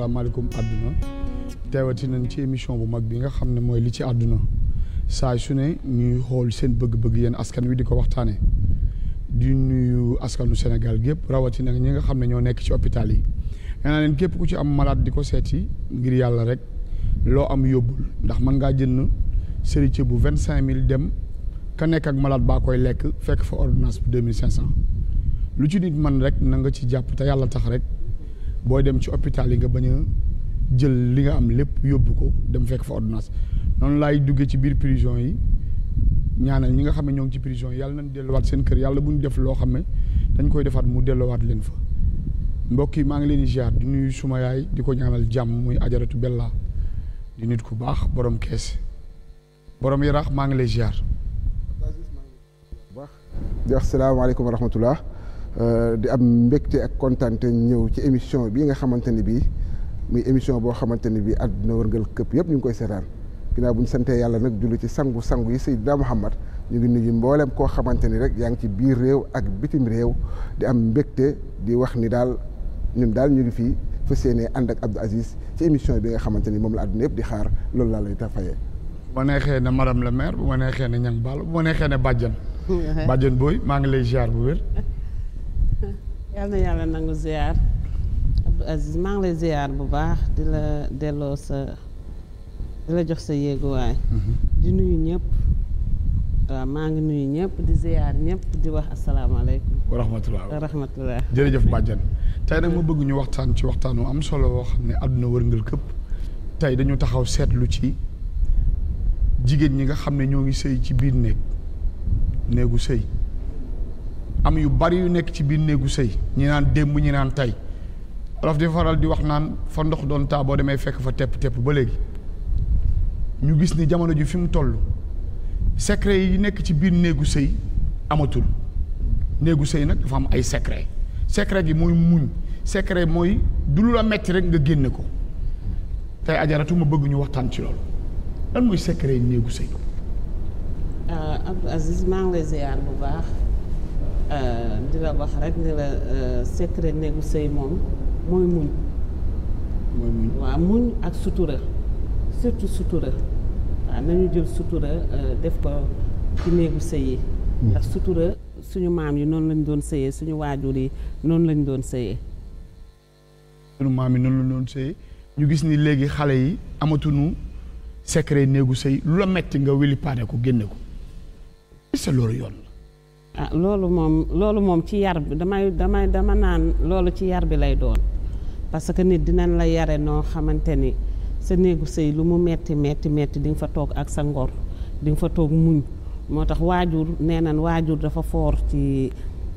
asalaamaaleykum àdduna teewati nañ ci émission bu mag bi nga xam ne mooy li ci àdduna saa su ne ñuy xool seen bëgg-bëgg yéen askan wi di ko waxtaanee di nuyu askanu Sénégal gépp rawatina ñi nga xam ne ñoo nekk ci hôpital yi. nee naa leen képp ku ci am malaat di ko seeti ngir yàlla rek loo am yóbbul ndax mën ngaa jënd séritie bu vingt cinq mille dem ka nekk ak malade baa koy lekk fekk fa ordonnance bu lu ci nit man rek na nga ci jàpp te yàlla tax rek. booy dem ci hôpital yi nga bañ a jël li nga am lépp yóbbu ko dem fekk fa ordonnance noonu laay duggee ci biir prison yi ñaanal ñi nga xam ne ñoo ngi ci prison yàlla nañ delluwaat seen kër yàlla bu ñu def loo xam ne dañ koy defaat mu delluwaat leen fa mbokk yi maa ngi leen di ziar di nuyu suma yaay di ko ñaanal jàmm muy ajaratu Bella di nit ku baax borom kees borom yaraax maa ngi lay ziar. baax. asalaamaaleykum wa Euh, di am mbégte ak kontaante ñëw ci émission bii nga xamante ni bii muy émission boo xamante ni bii àdduna wërngal këpp yëpp ñu ngi koy seetaan ginnaaw bu ñu santee yàlla nag julli ci sangu sangu yi Seydina Muhammad ñu ngi nuyu mbooleem koo xamante ni rek yaa ngi ci biir réew ak bitim réew di am mbégte di wax ni daal ñun daal ñu ngi fii fas yéene ànd ak Abdou Aziz ci émission bi nga xamante ni moom la àdduna yëpp di xaar loolu laa lay tafayee. bu ma neexee ne madame le maire bu ma neexee ne ñang baal ne bàjjan yal yàlla nangu ziar Abdou Aziz maa ngi lay ziar bu baax di la delloo sa di la jox sa yéeguwaay mm-hmm. di nuyu ñëpp waaw maa ngi nuyu ñëpp di ziar ñëpp di wax asalaamaaleykum wa rahmatullah wa rahmatullah jërëjëf bàjjan mm-hmm. tey nag ma bëgg ñu waxtaan ci waxtaanu am solo woo xam ne àdduna wërngal këpp tey dañu taxaw seetlu ci jigéen ñi nga xam ne ñoo ngi sëy ci biir néeg néegu sëy am yu bari yu nekk ci biir néegu sëy ñi naan démb ñi naan tey olof di faral di wax naan fa ndox doon taa boo demee fekk fa tepp tepp ba léegi ñu gis ni jamono ji fi mu toll secret yi nekk ci biir néegu sëy amatul néegu sëy nag dafa am ay secret secret gi mooy muñ secret mooy du lu la metti rek nga génne ko tey ajaratu ma bëgg ñu waxtaan ci loolu lan mooy secret néegu sëy euh, Abdou Aziz maa lay ziar bu baax Euh, di la wax rek ni la euh, secret néegu sëy moom mooy muñ mooy muñ ak sutura surtout sutura waaw nañu jël sutura euh, def ko ci néegu sëy yi hmm. ndax sutura suñu maam yi noonu lañ doon sëyee suñu waajur yi noonu lañ doon sëyee suñu maam yi noonu lañ doon sëyee ñu gis ni léegi xale yi amatuñu secret néegu sëy lu la metti nga wili paane ko génne ko sa loolu yoon ah loolu moom loolu moom ci yar bi damay dama naan loolu ci yar bi lay doon parce que nit dinañ la yare noo xamante ni sa néegu sëy lu mu metti metti metti di nga fa toog ak sa ngor di nga fa toog muñ moo tax waajur nee nañ waajur dafa foor ci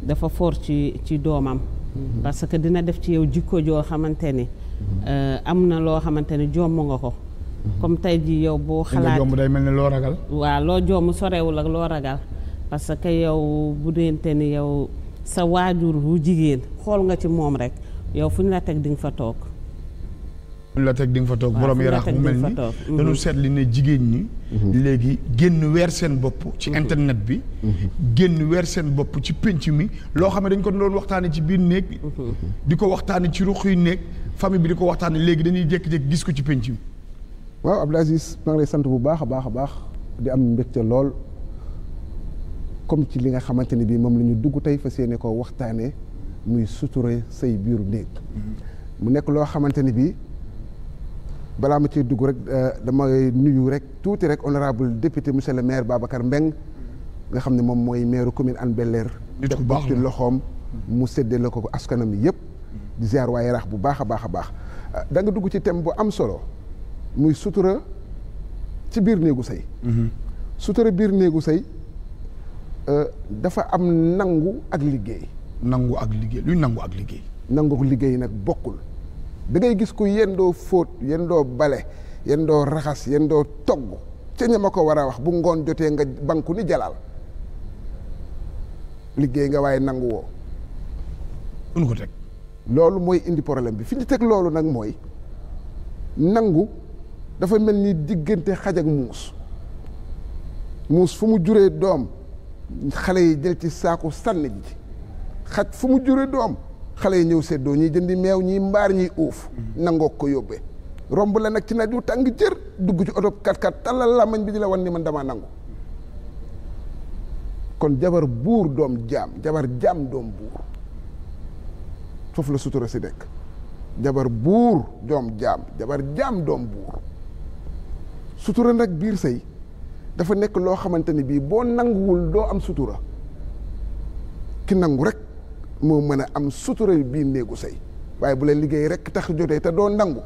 dafa foor ci ci doomam mhm. parce que dina def ci yow jikko joo xamante ni mhm. eh, am na loo xamante ni jomm nga ko mhm. comme tey ji yow boo xalaat jomm day mel ni loo ragal waaw loo jomm sorewul ak loo ragal parce que yow bu deente ni yow sa waajur bu jigéen xool nga ci moom rek yow fu ñu la teg di fa toog fu ñu la teg di nga fa toog boroom yaraax mu mel ni dañu mhm. seetli ne jigéen ñi mhm. léegi génn weer seen bopp ci mhm. internet bi génn weer seen bopp ci pénc mi loo xam ne dañ ko doon waxtaane ci biir néeg di ko waxtaane ci ruq yu néeg famille bi di ko waxtaane léegi dañuy jékki-jékki gis ko ci pénc mi waaw Abdou Aziz maa ngi sant bu baax a baax a baax di am mbégte lool comme ci li nga xamante ne bii moom la ñu dugg tey fa yéene ko waxtaanee muy suture say biiru néeg mm-hmm. mu nekk loo xamante ne bii balaa ma ciy dugg rek euh, damay nuyu rek tuuti rek honorable député monsieur le maire Babacar Mbeng nga xam ne moom mooy maire commune Hann Bel-Air def ci loxoom mm-hmm. mu seddee la ko askanam yëpp mm-hmm. di ziar waa Yaraax bu baax a baax a baax euh, da nga dugg ci thème bu am solo muy sutura ci biir néegu sëy sutura biir néegu sëy Euh, dafa am nangu ak liggéey. nangu ak liggéey luy nangu ak liggéey. nangu liggéey nag bokkul dangay gis ku yendoo fóot yendoo bale yendoo raxas yendoo togg ca ma ko war a wax bu ngoon jotee nga banku ni jalaal liggéey nga waaye nangu woo. unu ko teg. loolu mooy indi problème bi fi ñu teg loolu nag mooy nangu dafa mel ni diggante xaj ak muus muus fu mu juree doom. xale yi jël ci saaku sànni ji xaj fu mu jure doom xale yi ñëw seddoo ñiy jëndi meew ñiy mbaar ñiy uuf nangoo ko yóbbe romb la nag ci naaj wu tàng jër dugg ci oto kat kat tallal làmmañ bi di la wan ni man damaa nangu kon jabar buur doom jaam jabar jaam doom buur foofu la sutura si nekk doom jaam jabar jaam doom buur sutura nag biir sëy dafa nekk loo xamante ni bii boo nanguwul doo am sutura ki nangu rek moo mën a am sutura biir néegu sëy waaye bu leen liggéey rek tax jotee te doo nangu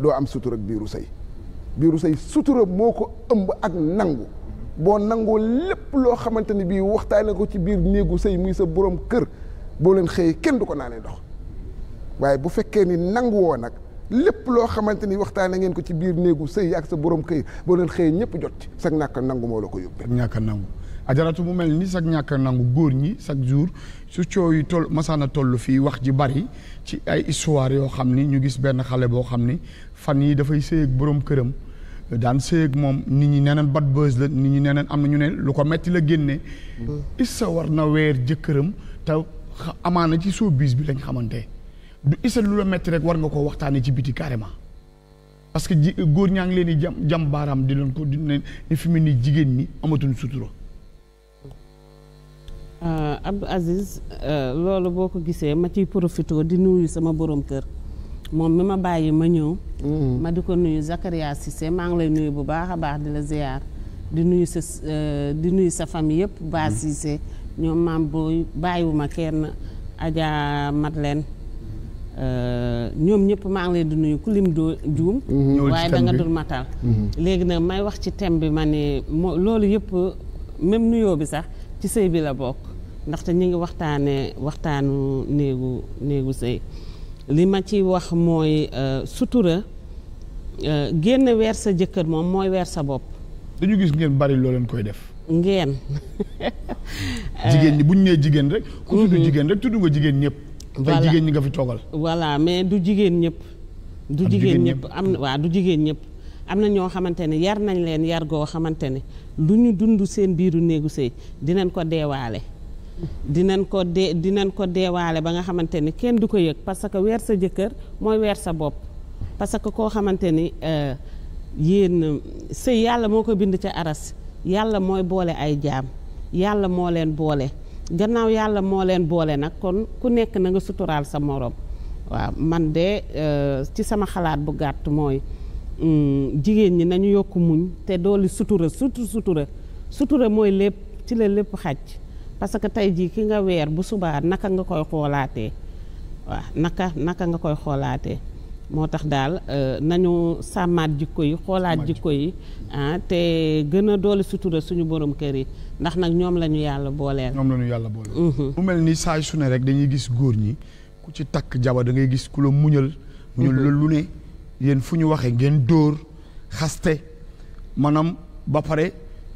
doo am sutura biiru sëy biiru sëy sutura moo ko ëmb ak nangu boo nangoo lépp loo xamante ni bii waxtaane ko ci biir néegu sëy muy sa borom kër boo leen xëyee kenn du ko naanee dox waaye bu fekkee ni nangu woo nag lépp loo xamante ni a ngeen ko ci biir néegu sëy ak sa borom këy boo leen xëyee ñëpp jot ci sag ñàkk nangu moo la ko yóbbee. ñàkk nangu ajaratu mu mel ni sag ñàkk nangu góor ñi chaque jour su coow yi toll masaana tollu fii wax ji bari ci ay histoire yoo xam ni ñu gis benn xale boo xam ni fan yi dafay sëy boroom këram. daan seeg moom nit ñi neneen bat buzz la nit ñi neneen am na ñu ne lu ko metti la génne mm. Issa war na weer jëkkëram te amaana ci showbiz bi lañ xamante du isa lu la metti rek war nga koo waxtaanee ci biti carrément parce que góor ñaa ngi leen di jam jam baaraam di loon ko di ne fi mu ni jigéen ñi amatuñ sutura. Euh, Abdou Aziz euh, loolu boo ko gisee ma ciy profité di nuyu sama borom kër moom mi ma bàyyi ma ñëw. Mm-hmm. ma di ko nuyu Zakaria Cissé maa ngi lay nuyu bu baax a baax di la ziar di nuyu sa euh, di nuyu sa famille yëpp. Ba mm-hmm. Cissé ñoom maam booy bàyyiwuma kenn mat leen Euh, ñoom ñëpp maa ngi leen nuyu ku lim doo juum. Mhm. waaye da nga dul matal. Mhm. léegi nag may wax ci thème bi ma ni moo loolu yëpp même nuyoo bi sax ci sëy bi la bokk ndaxte ñu ngi waxtaanee waxtaanu néegu néegu sëy li ma ci wax mooy euh, sutura euh, génn weer sa jëkkër moom mooy weer sa bopp. dañu gis ngeen bari loo koy def. ngeen. jigéen ñi bu ñu nee jigéen rek. ku tudd mhm. jigéen rek tudd nga jigéen ñépp voilà tey voilà mais du jigéen ñëpp. du jigéen ñëpp am na du jigéen ñëpp. am na ñoo xamante ne yar nañ leen yar goo xamante ne lu ñu dund seen biiru néegu sëy dinañ ko deewaale. dinañ ko dee dinañ ko deewaale ba nga xamante ni kenn du ko yëg parce que weer sa jëkkër mooy weer sa bopp. parce que koo xamante ni euh, yéen sëy yàlla moo ko bind ca aras yàlla mooy boole ay jaam yàlla moo leen boole. gannaaw yàlla moo leen boole nag kon ku nekk na nga suturaal sa morom waaw man de euh, ci sama xalaat bu gàtt mooy mm, jigéen ñi nañu yokk muñ te dooli sutura surtout sutura sutura mooy lépp ci la lépp xaj parce que tey jii ki nga weer bu subaa naka nga koy xoolaatee waaw naka naka nga koy xoolaatee moo tax daal euh, nañu sàmmaat jikko yi xoolaat jikko yi ah te gën a doole sutura suñu borom kër yi ndax nag ñoom la ñu yàlla booleel. ñoom la ñu yàlla booleel. Mhm. mu mel ni saa su ne rek dañuy gis góor ñi ku ci takk jabar da ngay gis ku la muñal. muñal mhm. lu ne yéen fu ñu waxee ngeen dóor xaste maanaam ba pare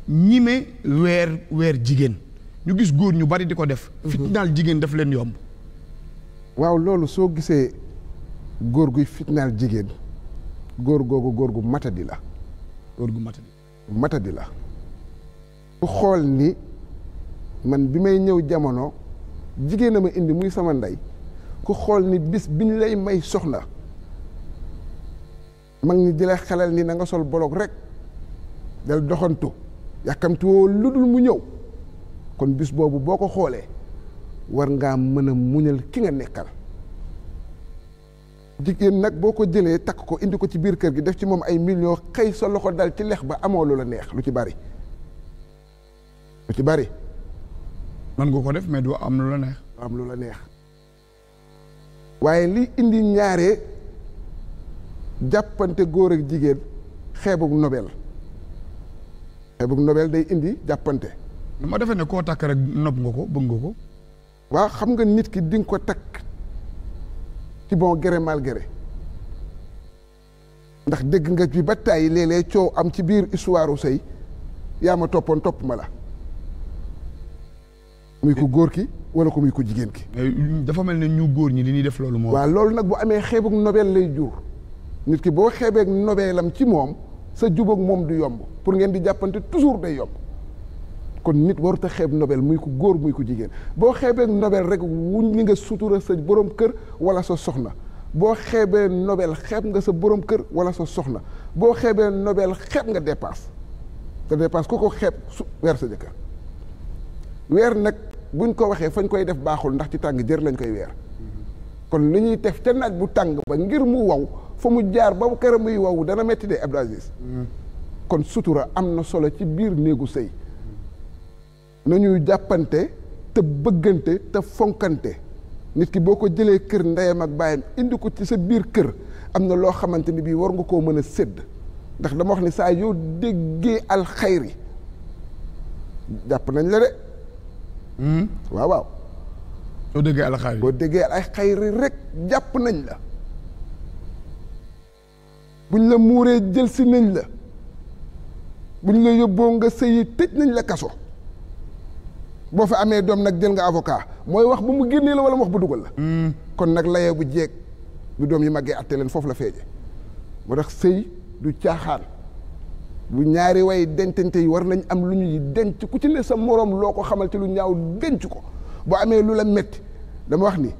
ñime weer weer jigéen ñu gis góor ñu bari di ko def. Mhm. fitnaal jigéen daf leen yomb. waaw loolu soo gisee. góor guy fitnaal jigéen góor googu góor gu matadi la. góor gu matadi. matadi la. ku xool ni man bi may ñëw jamono jigéen a ma indi muy sama ndey ku xool ni bis bi ñu lay may soxna mag ñi di xelal ni na nga sol boloog rek dal doxantu yàkkamti lu dul mu ñëw kon bis boobu boo ko xoolee war ngaa mën a muñal ki nga nekkal. jigéen nag boo ko jëlee takk ko indi ko ci biir kër gi def ci moom ay millions xëy sa loxo dal ci lex ba amoo lu la neex lu ci bari lu ci bari. man nga ko def mais du am lu la neex. am neex waaye li indi ñaare jàppante góor ak jigéen xeebug nobel xeebug nobel day indi jàppante. ma defe ne koo takk rek nob nga ko bëgg nga ko. waaw xam nga nit ki di ko takk. ci bon gré mal gré ndax dégg nga bi ba tàyyi léeg-léeg coow am ci biir histoire u sëy yaa ma toppoon topp ma la muy ko góor ki wala ko muy ko jigéen ki dafa mel ne ñu góor ñi li ñuy def loolu moom waaw loolu nag bu amee xeebug nobel lay jur nit ki boo xeebeeg nobelam ci moom sa jubóog moom di yomb pour ngeen di jàppante toujours day yomb kon nit warut a xeeb nobel muy ko góor muy ko jigéen boo xeebee nobel rek wuñ li nga sutura sa borom kër wala sa soxna boo xeebee nobel xeeb nga sa borom kër wala sa soxna boo xeebee nobel xeeb nga dépasse te dépasse ku ko xeeb su weer sa jëkkër weer nag buñ ko waxee fañ koy def baaxul ndax ci tàng jër lañ koy weer kon li ñuy def ca naaj bu tàng ba ngir mu waw fa mu jaar ba mu këram muy wow dana metti de Abdou Aziz mm. kon sutura am na solo ci biir néegu sëy nañuy jàppante te bëggante te fonkante nit ki boo ko jëlee kër ndeyam ak baayam indi ko ci sa biir kër am na loo xamante ni bii war nga koo mën a sédd ndax dama wax ni saa yoo déggee alxayri jàpp nañ la de. Hmm? waaw waaw. boo déggee alxayri boo rek jàpp nañ la. buñ la muuree jël si nañ la buñ la yóbboo nga sëyi tëj nañ la kaso. boo fi amee doom nag jël nga avocat mooy wax ba mu génnee la wala mu wax ba dugal la. kon nag layee bu jeeg bu doom yi màggee atte leen foofu la feeje moo tax sëy du caaxaan bu ñaari way dencante yi war nañ am lu ñuy denc ku ci ne sa moroom loo ko xamal ci lu ñaaw denc ko boo amee lu la metti dama wax ni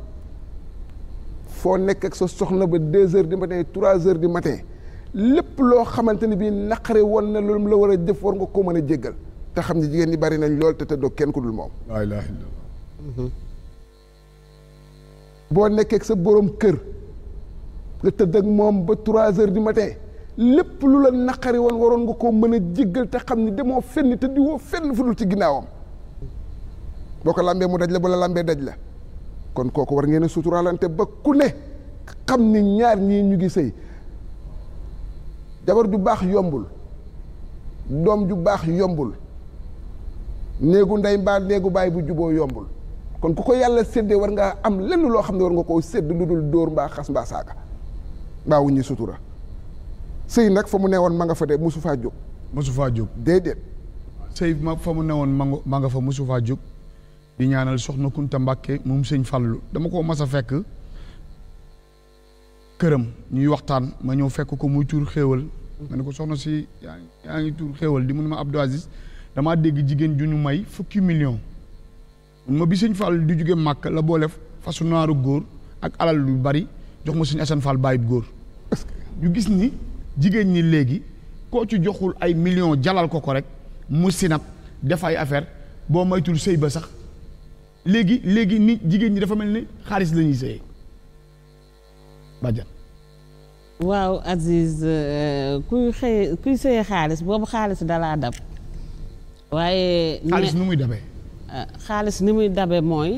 foo nekk ak sa soxna ba deux heures du matin trois heures du matin lépp loo xamante ni bii naqare woon na loolu la war a jëf war nga koo mën a jéggal. te xam ne jigéen ñi bari nañ lool te tëddoo kenn ku dul moom. la ilaha mhm. boo nekkee sa boroom kër nga tëdd ak moom ba trois heures du matin lépp lu la naqari woon waroon nga ko mën a jéggal te xam ne demoo fenn te diwoo fenn fu dul ci ginnaawam boo ko lambee mu daj la ba la lambee daj la kon kooku war ngeen a suturaalante ba ku ne xam ni ñaar ñii ñu ngi sëy jabar ju baax yombul doom ju baax yombul. néegu ndey mbaa néegu baay bu juboo yombul kon ku ko yàlla seddee war ngaa am lenn loo xam ne war nga koo sedd lu dul dóor mbaa xas mbaa saaga mbaa wuññi sutura sëy nag fa mu newoon ma nga fa de mosu faa jóg jóg déedéet sëy ma fa mu newoon ma nga nga fa mosu jóg di ñaanal soxna Kunta Mbàkke moom sëñ Fallu dama koo mas a fekk këram ñuy waxtaan ma ñëw fekk ko muy tuur xéewal ma ne ko soxna si yaa ngi yaa ngi tuur xéewal di mun ma Abdou Aziz damaa dégg jigéen ju ñu may fukki million mun ma bi suñ Fall di jóge màkk la boole fasu naaru góor ak alal lu bari jox ma sëñ Assane Fall bàyyib góor ñu gis ni jigéen ñi léegi koo ci joxul ay million jalal ko ko rek mu sinap def ay affaire boo maytul sëy ba sax léegi léegi ni jigéen ñi dafa mel ni xaalis la ñuy sëyee waaw Aziz euh, kuy xëy kuy sëyee xaalis boobu xaalis dalaa dab waaye. xaalis ni muy dabe. Eh, xaalis ni muy dabe mooy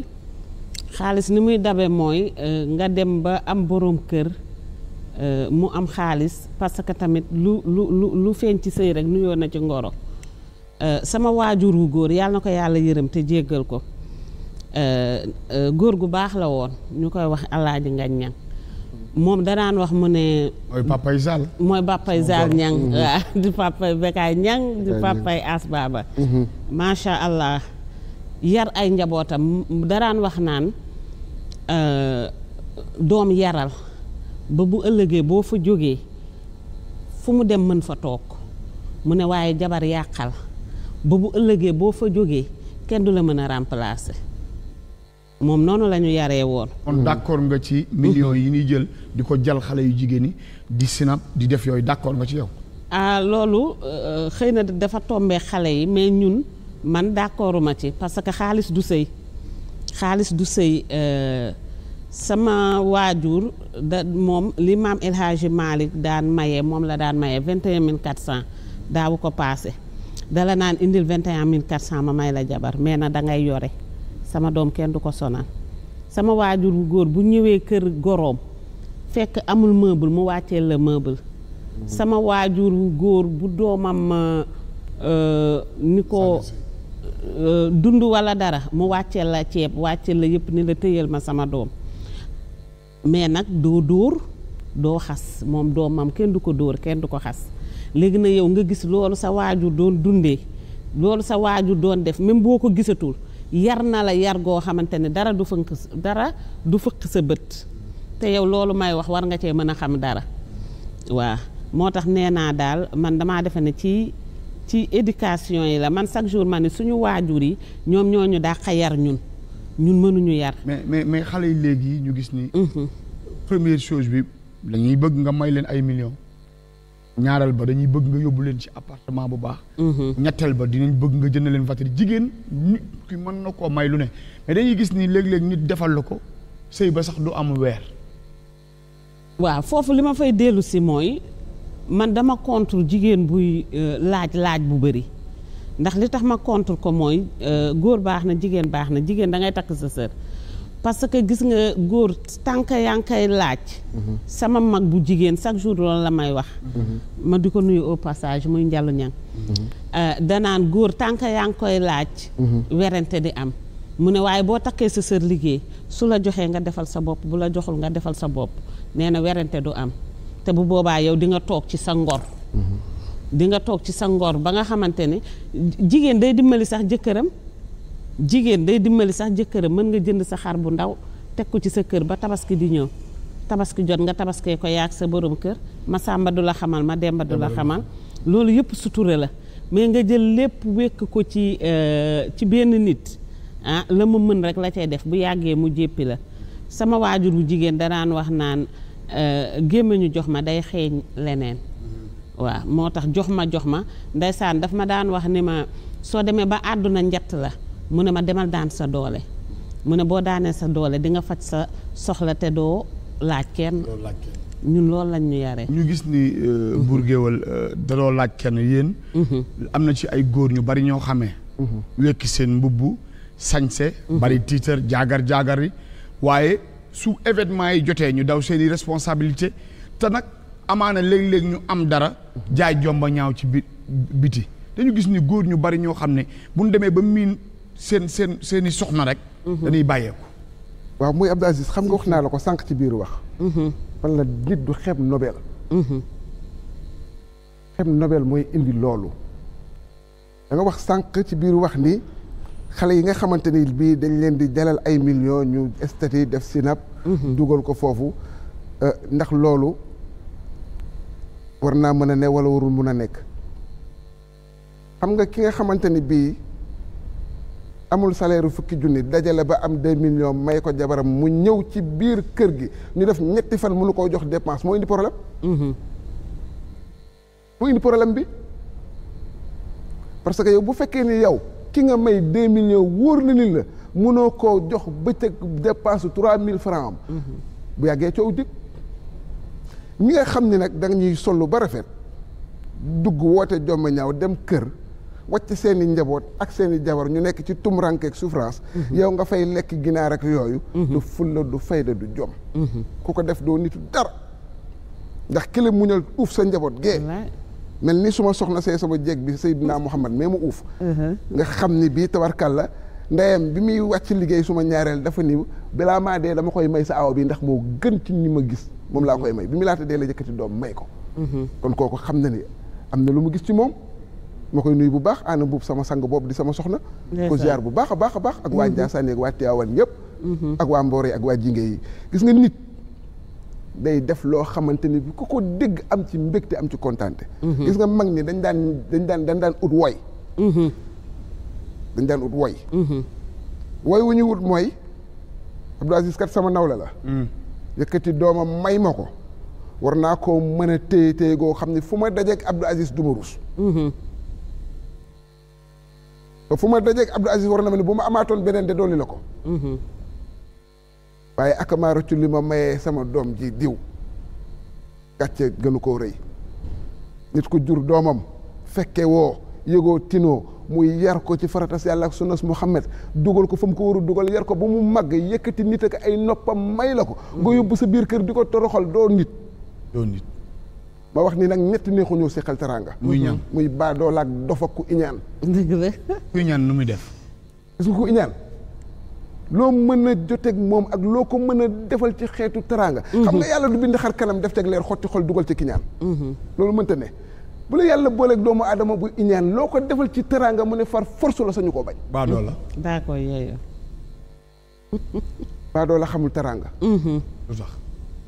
xaalis ni muy dabe mooy eh, nga dem ba am boroom kër eh, mu am xaalis parce que tamit lu lu lu lu feeñ ci sëy rek nuyoo na ci ngoro sama waajur wu góor yàlla na ko yàlla yërëm te jéggal ko góor gu baax la woon ñu koy wax alaaji ngañ ñang moom daraan wax mu ne. mooy papay Zal. mooy papay Zal ñang mhm. waaw di papay Bekaay ñang di papay As Baba. Mhm. macha allah yar ay njabootam daraan wax naan euh, doom yaral ba bu ëllëgee boo fa jógee fu mu dem mën fa toog mu ne waaye jabar yàqal ba bu ëllëgee boo fa jógee kenn du la mën a remplacer. moom noonu la ñu yaree woon. kon d' accord nga ci millions yi ñuy jël di ko jal xale yu jigéen ñi di sinap di def yooyu d' accord nga ci yow. ah loolu euh, xëy na dafa tombee xale yi mais ñun man d' accord ma ci parce que xaalis du sëy xaalis du sëy euh, sama waajur da moom li maam El Hadji Malick daan maye moom la daan maye vingt et mille quatre cent daawu ko paase dala naan indil vingt et un cent ma may la jabar mais na da ngay yore. sama doom kenn du ko sonal sama waajur wu góor bu ñëwee kër goroom fekk amul meuble mu wàccee la meuble sama waajur wu góor bu doomam euh, euh, ni ko euh, dund walla dara mu wàcceel la ceeb wàcceel la yëpp ni la tëyal ma sama doom mais nag doo dóor doo xas moom doomam kenn du ko dóor kenn du ko xas léegi na yow nga gis loolu sa waajur doon dundee loolu sa waajur doon def même boo ko gisatul yar na la yar goo xamante ne dara du fënk dara du fëkk sa bët te yow loolu may wax war nga cee mën a xam dara waa moo tax nee naa daal man damaa defe ne ci ci éducation yi la man chaque jour ma ne suñu waajur yi ñoom ñoo ñu dàq yar ñun ñun mënuñu yar. mais mais mais xale yi léegi ñu gis ni. Mhm. première chose bi dañuy bëgg nga may leen ay millions. ñaareel ba dañuy bëgg nga yóbbu leen ci appartement bu baax. Mhm. ñetteel ba dinañ bëgg nga jënd leen voiture jigéen nit ki mën na koo may lu ne mais dañuy gis ni léeg-léeg ñu defal la ko sëy ba sax du am weer. waaw foofu li ma fay dellu si mooy man dama contre jigéen buy euh, laaj laaj bu bëri ndax li tax ma contre ko mooy euh, góor baax na jigéen baax na jigéen da ngay takk sa sër. parce que gis nga góor tànk yaa ngi koy laaj. Mhm. sama mag bu jigéen chaque jour loolu la may wax. Mhm. ma di ko nuyu au passage muy njalu ñang mhm. euh, danaan góor tànk yaa ngi koy laaj. werante di am. mu ne waaye boo takkee sa sër liggéey su la joxee nga defal sa bopp bu la joxul nga defal sa bopp nee na werante du am te bu boobaa yow di nga toog ci sa ngor. di nga toog ci sa ngor ba nga xamante ne jigéen day dimbali sax jëkkëram. jigéen day dimbali sax jëkkëram mën nga jënd sa xar bu ndaw teg ko ci sa kër ba tabaski di ñëw tabaski jot nga tabaskee ko yaag sa borom kër ma sàmba du la xamal ma demba du la xamal loolu yëpp sutura la mais nga jël lépp wékk ko ci euh, ci benn nit ah la mu mën rek la cay def bu yàggee mu jéppi la sama waajur bu jigéen danaan wax naan euh, gémmiñu jox ma day xeeñ leneen mm-hmm. waaw moo tax jox ma jox ma ndeysaan daf ma daan wax ni ma soo demee ba àdduna njett la mu ne ma demal daan sa doole mu ne boo daanee sa doole di nga faj sa soxla te doo laaj kenn ñun lool lañ ñu yaree. ñu gis ni euh, mhm. buur géwël euh, da doo laaj kenn yéen mhm. am na ci ay góor ñu bari ñoo xamee mhm. wekki seen mbubb sañse bari tiitar jaagar jaagar yi waaye su événement yi jotee ñu daw seen i responsabilité te nag amaana léeg-léeg ñu am dara jaay jomba ñaaw ci bi biti dañu gis ni góor ñu bari ñoo xam ne bu ñu demee ba miin seen seen seeni soxna rek. Mhm. dañuy bàyyeeku. waaw muy Abdou Aziz xam nga wax naa la ko sànq ci biiru wax. Mhm. fan la nit du xeeb nobel. Mhm. xeeb nobel mooy indi loolu. danga wax sànq ci biiru wax ni xale yi nga xamante ni bii dañ leen di dalal ay millions ñu estati def si sinap. dugal ko foofu euh, ndax loolu war naa mën a ne wala warul mën a nekk. xam nga ki nga xamante bii. amul salaire fukki junni dajale ba am deux millions may ko jabaram mu ñëw ci biir kër gi ñu def ñetti fan mënu koo jox dépense moo indi problème. Mm-hmm. moo indi problème bi parce que yow bu fekkee ni yow ki nga may deux millions wóor na ni la mënoo koo jox bëccëg dépense trois mille francs am. Mm-hmm. bu yàggee coow dig ñi nga xam ni nag da nga ñuy sollu ba rafet dugg woote jomm ñaaw dem kër. wàcc seen i njaboot ak seeni i jabar ñu nekk ci tumuranke ak mhm. yow nga fay lekk ginaar ak yooyu mhm. du fulla du fayda du jom mhm. ku ko def doo nitu dara ndax kile muñal uuf sa njaboot gee mel ni su ma soxna see sama jeeg bi Seydina Muhammad mais mu uuf nga xam ni bii tabarkàlla ndeyam bi muy wàcc liggéey suma ñaareel dafa ni balaa maa dee dama koy may sa awa bi ndax moo gën ci ñi ma gis moom laa koy may bi mu laata dee la jëkkati doom may ko kon kooku xam na ni am na lu mu gis ci moom ma koy nuyu bu baax ana buub sama sang boobu di sama soxna ko ziar bu baax a baax a baax ak waa mm-hmm. Ndiassane ak waa Tiawan ñëpp mm-hmm. ak waa Mboore ak waa Jinge yi gis nga nit day def loo xamante ni bi ku ko dégg am ci mbégte am ci kontaante mm-hmm. gis nga mag ni dañ daan dañ daan dañ daan ut woy dañ daan ut woy wu ñu wut mooy Abdou Aziz kat sama nawla la mm. yëkkati doomam may ma ko war naa koo mën a téye téye goo xam ne fu ma dajeek Abdou Aziz du ma fu ma dajeeg Abdou Aziz war na ma ne bu ma amaatoon beneen de dolli la ko. Mhm. waaye ak maa li ma maye sama doom ji diw gàcce gënu koo rëy nit ko jur doomam fekke woo yëgoo tinoo muy yar ko ci faratas yàlla ak sunnas Muhammad dugal ko fa mu ko war dugal yar ko bu mu màgg yëkkati nit ak ay noppam may la ko. Mhm. nga yóbbu sa biir kër di ko toroxal doo nit. doo nit. ma wax ni nag ñetti neexu ñëw seqal teraanga. muy ñaan muy baadool ak dof ak ku iñaan. dëgg la. ku iñaan nu muy def. gis nga ku iñaan loo mën a moom ak loo ko mën a defal ci xeetu teraanga. Mhm. xam nga yàlla du bind xar kanam def teg leer xotti xol dugal ci ki mhm. loolu mënta ne. bu la yàlla booleeg doomu aadama bu iñaan loo ko defal ci teraanga mu ne far force la sañu koo bañ. baadool la. d'accord yooyu. la xamul teraanga. Mhm.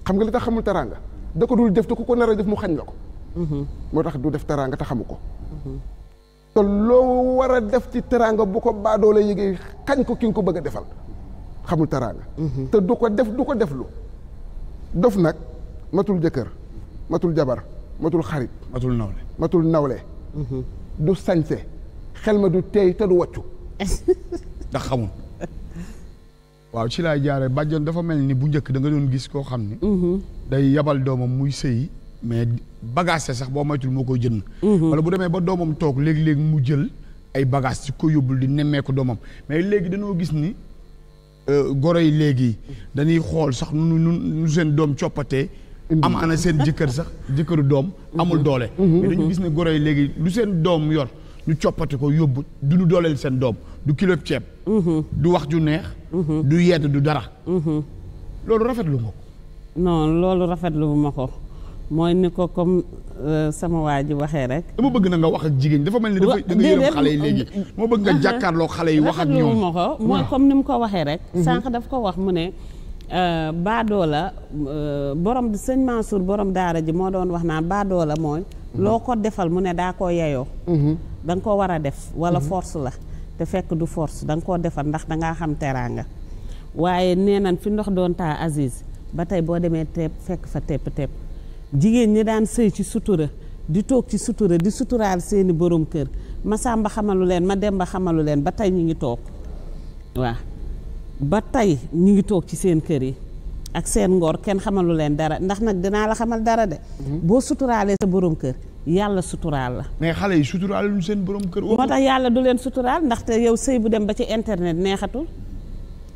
xam nga li tax xamul teraanga. da ko dul def te ku ko nar def mu xañ la ko mhm. moo tax du def teraanga te xamu ko te loo war a def ci teraanga bu ko baadoo la yëgee xañ ko ki nga ko bëgg a defal xamul teraanga mhm. te du ko def du ko deflu dof nag matul jëkkër matul jabar matul xarit matul nawle matul nawle mhm. du sañse xel ma du teey te du waccu ndax xamul waaw ci laay jaare bàjjan dafa mel ni bu njëkk da nga doon gis koo xam ni. Mhm. day yabal doomam muy sëyi mais bagage sax boo moytul moo jën jënd. Mhm. wala bu demee ba doomam toog léegi-léegi mu jël ay bagage ko yóbbul di nemmeeku doomam mais léegi dañoo gis ni euh, goro yi léegi dañuy xool sax nu nu doom coppatee. am ana jëkkër sax jëkkëru doom. Mhm. amul doole. mais gis ne goro yi léegi lu seen doom yor ñu coppate ko yóbbu du ñu dooleel seen doom du kilo ceeb. Mm-hmm. du wax ju neex. Mm-hmm. du yedd du dara. Mm-hmm. loolu rafetlu nga ko. non loolu rafetlu ma ko. mooy ni ko comme euh, sama waa ji waxee rek. dama bëgg na nga wax ak jigéen dafa mel ni dafa da xale yi léegi. moo bëgg nga uh-huh. jàkkaarloo xale yi wax ak ñoom ma ko mooy comme ni mu ko waxee rek. sànq daf ko wax mu ne. Euh, baadoo la euh, borom sëñ Mansour borom daara ji moo doon wax naan baadoo la mooy. loo ko defal mu ne daa koo yayoo. da nga ko war a def. wala force la. te fekk du force danga nga koo defar ndax dangaa xam teraanga waaye nee nañ fi ndox doon taa Aziz ba tey boo demee tepp fekk fa tepp-tepp jigéen ñi daan sëy ci sutura di toog ci sutura di suturaal seeni borom kër ma sàmb xamalu leen ma demba xamalu leen ba tey ñu ngi toog waa ba tey ñu ngi toog ci seen kër yi ak seen ngoor kenn xamalu leen dara ndax nag dinaa la xamal dara de. Mhm. boo suturaalee sa borom kër yàlla suturaal la. mais xale yi suturaale lu seen borom kër. moo tax yàlla du leen suturaal ndaxte yow sëy bu dem ba ci internet neexatul.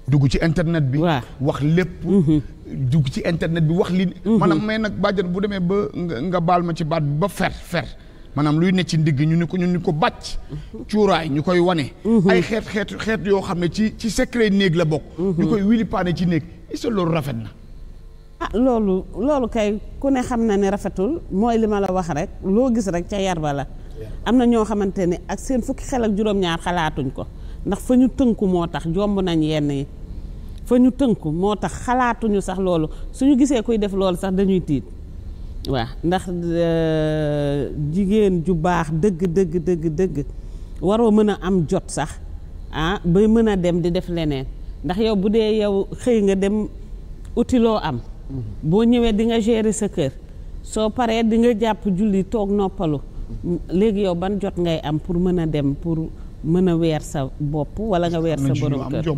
dugg ci internet bi. waaw wax lépp. Mhm. dugg ci internet bi wax li. Mhm. maanaam mais nag bàjjan bu demee ba nga baal ma ci baat bi ba fer fer. maanaam luy ne ci ndigg ñu ni ko ñu ni ko bàcc cuuraay ñu koy wane mhm. ay xeet xeet xeet yoo xam ne ci ci secret néeg la bokk mhm. ñu koy wili ci néeg isa loolu rafet na ah loolu loolu kay ku ne xam na ne rafetul mooy li ma la wax rek loo gis rek ca yar ba la am na ñoo xamante ne ak seen fukki xel ak juróom-ñaar xalaatuñ ko ndax fa ñu tënku moo tax jomb nañ yenn yi fa ñu tënku moo tax xalaatuñu sax loolu suñu gisee kuy def loolu sax dañuy tiit waa ndax euh, jigéen ju baax dëgg dëgg dëgg dëgg waroo mën a am jot sax ah bay mën a dem di def leneen ndax yow bu dee yow xëy nga dem uti loo am. boo ñëwee di nga gérer sa kër soo paree di nga jàpp julli toog noppalu. léegi yow ban jot ngay am pour mën a dem pour mën a weer sa bopp wala nga weer sa borom kër.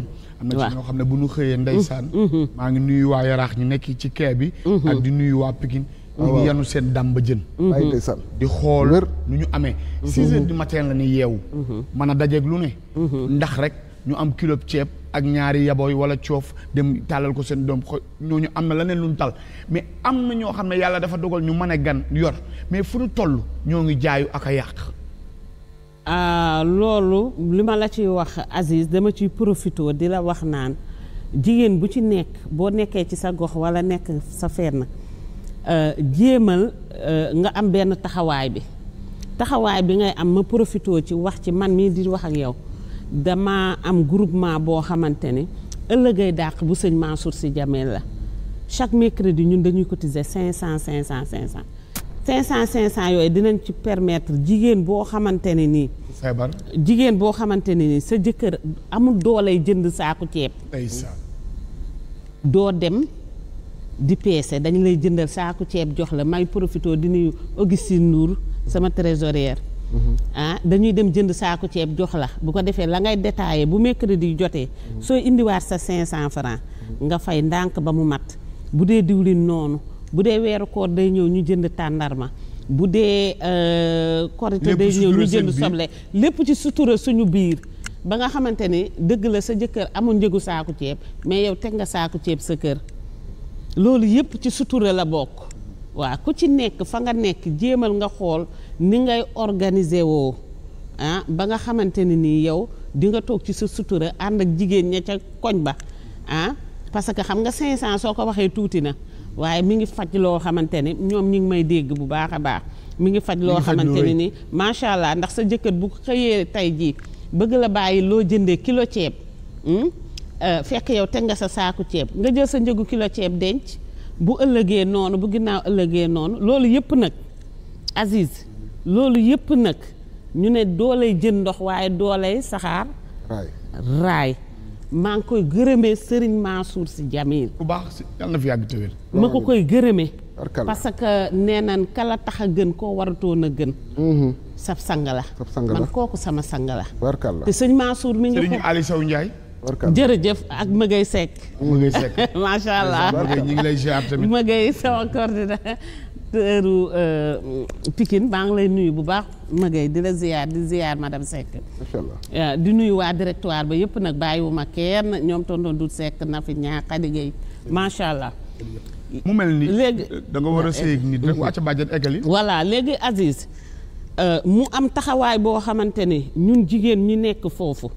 am na ci ñoo xam ne bu ñu xëyee ndeysaan. Mm-hmm. Mm-hmm. maa ngi nuyu waa yaraax ñu nekk ci kee bi. Mm-hmm. ak di nuyu waa Pikine. ñu ah, ngi yanu seen dàmba jën mm-hmm. di xool nu ñu amee mm-hmm. six heures du matin la ni yeewu mm-hmm. mën a dajeeg lu ne ndax rek ñu am kilo ceeb ak ñaari yaboy wala coof dem tàllal ko seen doom xo ñooñu am na leneen lu ñu tal mais am na ñoo xam ne yàlla dafa dogal ñu mën a gan yor mais fu ñu toll ñoo ngi jaayu ak a yàq Uh, loolu li ma la ci wax Aziz dama ciy profité di la wax naan jigéen bu ci nekk boo nekkee ci sa gox wala nekk sa fenn Euh, jéemal euh, nga am benn taxawaay bi taxawaay bi ngay am ma profité ci wax ci man mii di wax ak yow dama am groupement boo xamante ne ëllëgay dàq bu sëñ Mansour Sy Djamil la chaque mercredi ñun dañuy cotiser 500 cinq 500 cinq 500 yooyu dinañ ci permettre jigéen boo xamante ne nii. feebar jigéen boo xamante ni sa jëkkër amul doolay jënd saaku ceeb. doo dem. di peese dañu lay jëndal saaku ceeb jox la may profito di nuyu Augustine Ndour sama trésorière. Mm-hmm. ah dañuy dem jënd saaku ceeb jox la bu ko defee la ngay détaillé bu mekk di jotee. Mm-hmm. soo indiwaat sa cinq 500 francs mm-hmm. nga fay ndànk ba mu mat bu dee diwlin noonu bu dee weeru koor day ñëw ñu jënd tàndarma bu dee euh, korite day ñëw ñu jënd soble lépp ci sutura suñu biir. ba nga xamante ni dëgg la sa jëkkër amul njëgu saaku ceeb mais yow teg nga saaku ceeb sa kër. loolu yëpp ci sutura la bokk waa ku ci nekk fa nga nekk jéemal nga xool ni ngay organiser woo ah ba nga xamante ne nii yow di nga toog ci sa sutura ànd ak jigéen ña ca koñ ba ah parce que xam nga 500 soo ko waxee tuuti na waaye mi ngi faj loo xamante ne ñoom ñu ngi may dégg bu baax a baax. mi ngi faj loo xamante ne ni macha allah ndax sa jëkkër bu xëyee tey jii bëgg la bàyyi loo jëndee kilo ceeb. Hmm? Euh, fekk yow teg nga sa saaku ceeb nga jël sa njëgu kilo ceeb denc bu ëllëgee noonu bu ginnaaw ëllëgee noonu loolu yëpp nag Aziz loolu yëpp nag ñu ne doolay jën ndox waaye doolay saxaar raay maa ngi koy gërëmee Serigne Mansour si Djamil bu baax yàlla na fi yàgg tëwél ma ko koy gërëmee parce que nee nan kala tax a gën koo waratoon a gën mhm. sab sang la man kooku sama sang la te sëñ Mansour mi ngi ko Serigne Ali jërëjëf ak Mëgëy Seck. Mëgëy allah ñu ngi lay ziar tamit. Mëgëy euh, maa ngi lay nuyu bu baax Mëgëy di la ziar di ziar madame Seck. macha euh, di nuyu waa directoire ba yëpp nag bàyyiwuma kenn ñoom tonton du Seck na fi ñaax Xadi macha allah. mu mel ni léegi da war a sëy ak nit rek wàcc bàjjet eggal yi. voilà léegi Aziz euh, mu am taxawaay boo xamante ni ñun jigéen ñi nekk foofu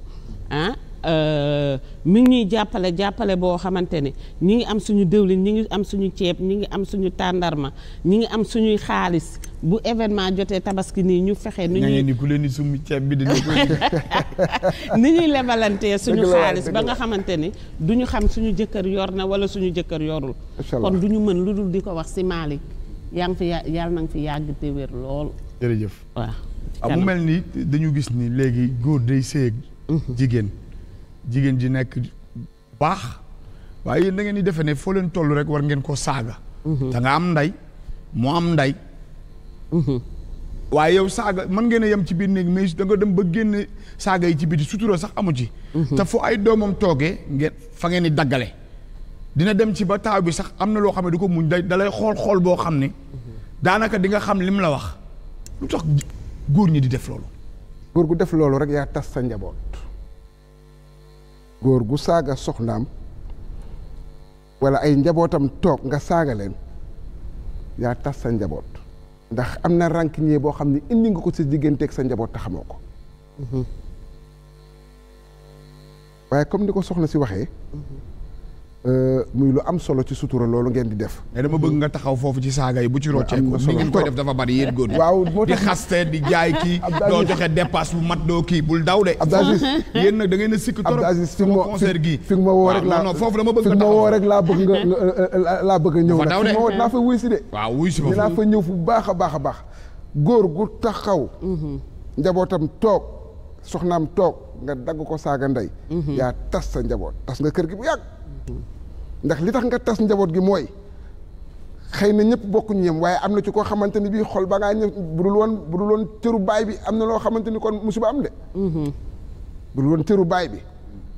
ah, Euh, mi ngi ñuy jàppale jàppale boo xamante ni ñu ngi am suñu dëwlin ñi ngi am suñu ceeb ñi ngi am suñu tàndarma ñi ngi am suñuy xaalis bu événement jotee tabaski nii ñu fexe. ni ñuy ni di sumb ceeb bi dañu koy. ni ñuy lebalantee suñu xaalis ba nga xamante ni du ñu xam suñu jëkkër yor na wala suñu jëkkër yorul. kon du ñu mën lu dul di ko wax si Malick yaa ngi fi yàlla na nga fi yàgg te wér lool. jërëjëf waaw. Ah, mu mel ni dañu gis ni léegi góor day seeg mhm. jigéen. jigéen ji nekk baax waaye yéen da ngeen di defee ne foo leen toll rek war ngeen koo saaga. Mhm. da nga am nday mu am nday. Mhm. waaye yow saaga man ngeen a yem ci biir néeg mais da nga dem ba génn saaga yi ci biti sutura sax amu ci. Mhm. te foo ay doomam toogee ngeen fa ngeen di daggale. dina dem ci ba taaw bi sax am na loo xam ne du ko muñ day dalay xool xool boo xam ne. daanaka di nga xam lim la wax lu tax góor ñi di def loolu. góor gu def loolu rek yaa tas sa njaboot. góor gu saaga soxnaam wala ay njabootam toog nga saaga leen yaa tas sa njaboot ndax am na rànkiñee boo xam ne indi nga ko sa digganteeg sa njaboot te xamoo ko mm-hmm. waaye comme ni ko soxna si waxee mm-hmm. Euh, muy lu am solo ci sutura loolu ngeen di def. mais dama bëgg nga taxaw foofu ci saaga yi bu ci rocceeku. ni ngeen koy def dafa bari yéen góor waaw moo tax di xaste di jaay kii. doo joxe dépasse bu mat doo kii bul daw de. Abdou Aziz yéen nag da ngeen a sikk torop. sama concert fi ma woo rek laa foofu dama bëgg nga taxaw fi ma woo rek laa bëgg nga laa bëgg a ñëw. fa daw ma woo naa fa wuy si de. waaw wuy si ma dinaa fa ñëw fu baax a baax a baax. góor gu taxaw. Mhm. njabootam toog soxnaam toog nga dagg ko saaga ndey. Mhm. yaa tas sa njaboot tas nga kër gi bu yàgg ndax li tax nga tas njaboot gi mooy xëy na ñëpp bokkuñu yem waaye am na ci koo xamante ni bii xol ba ngaa ñëw bu dul woon bu dul woon cëru baay bi am na loo xamante ni kon musiba am de. Mhm. cëru baay bi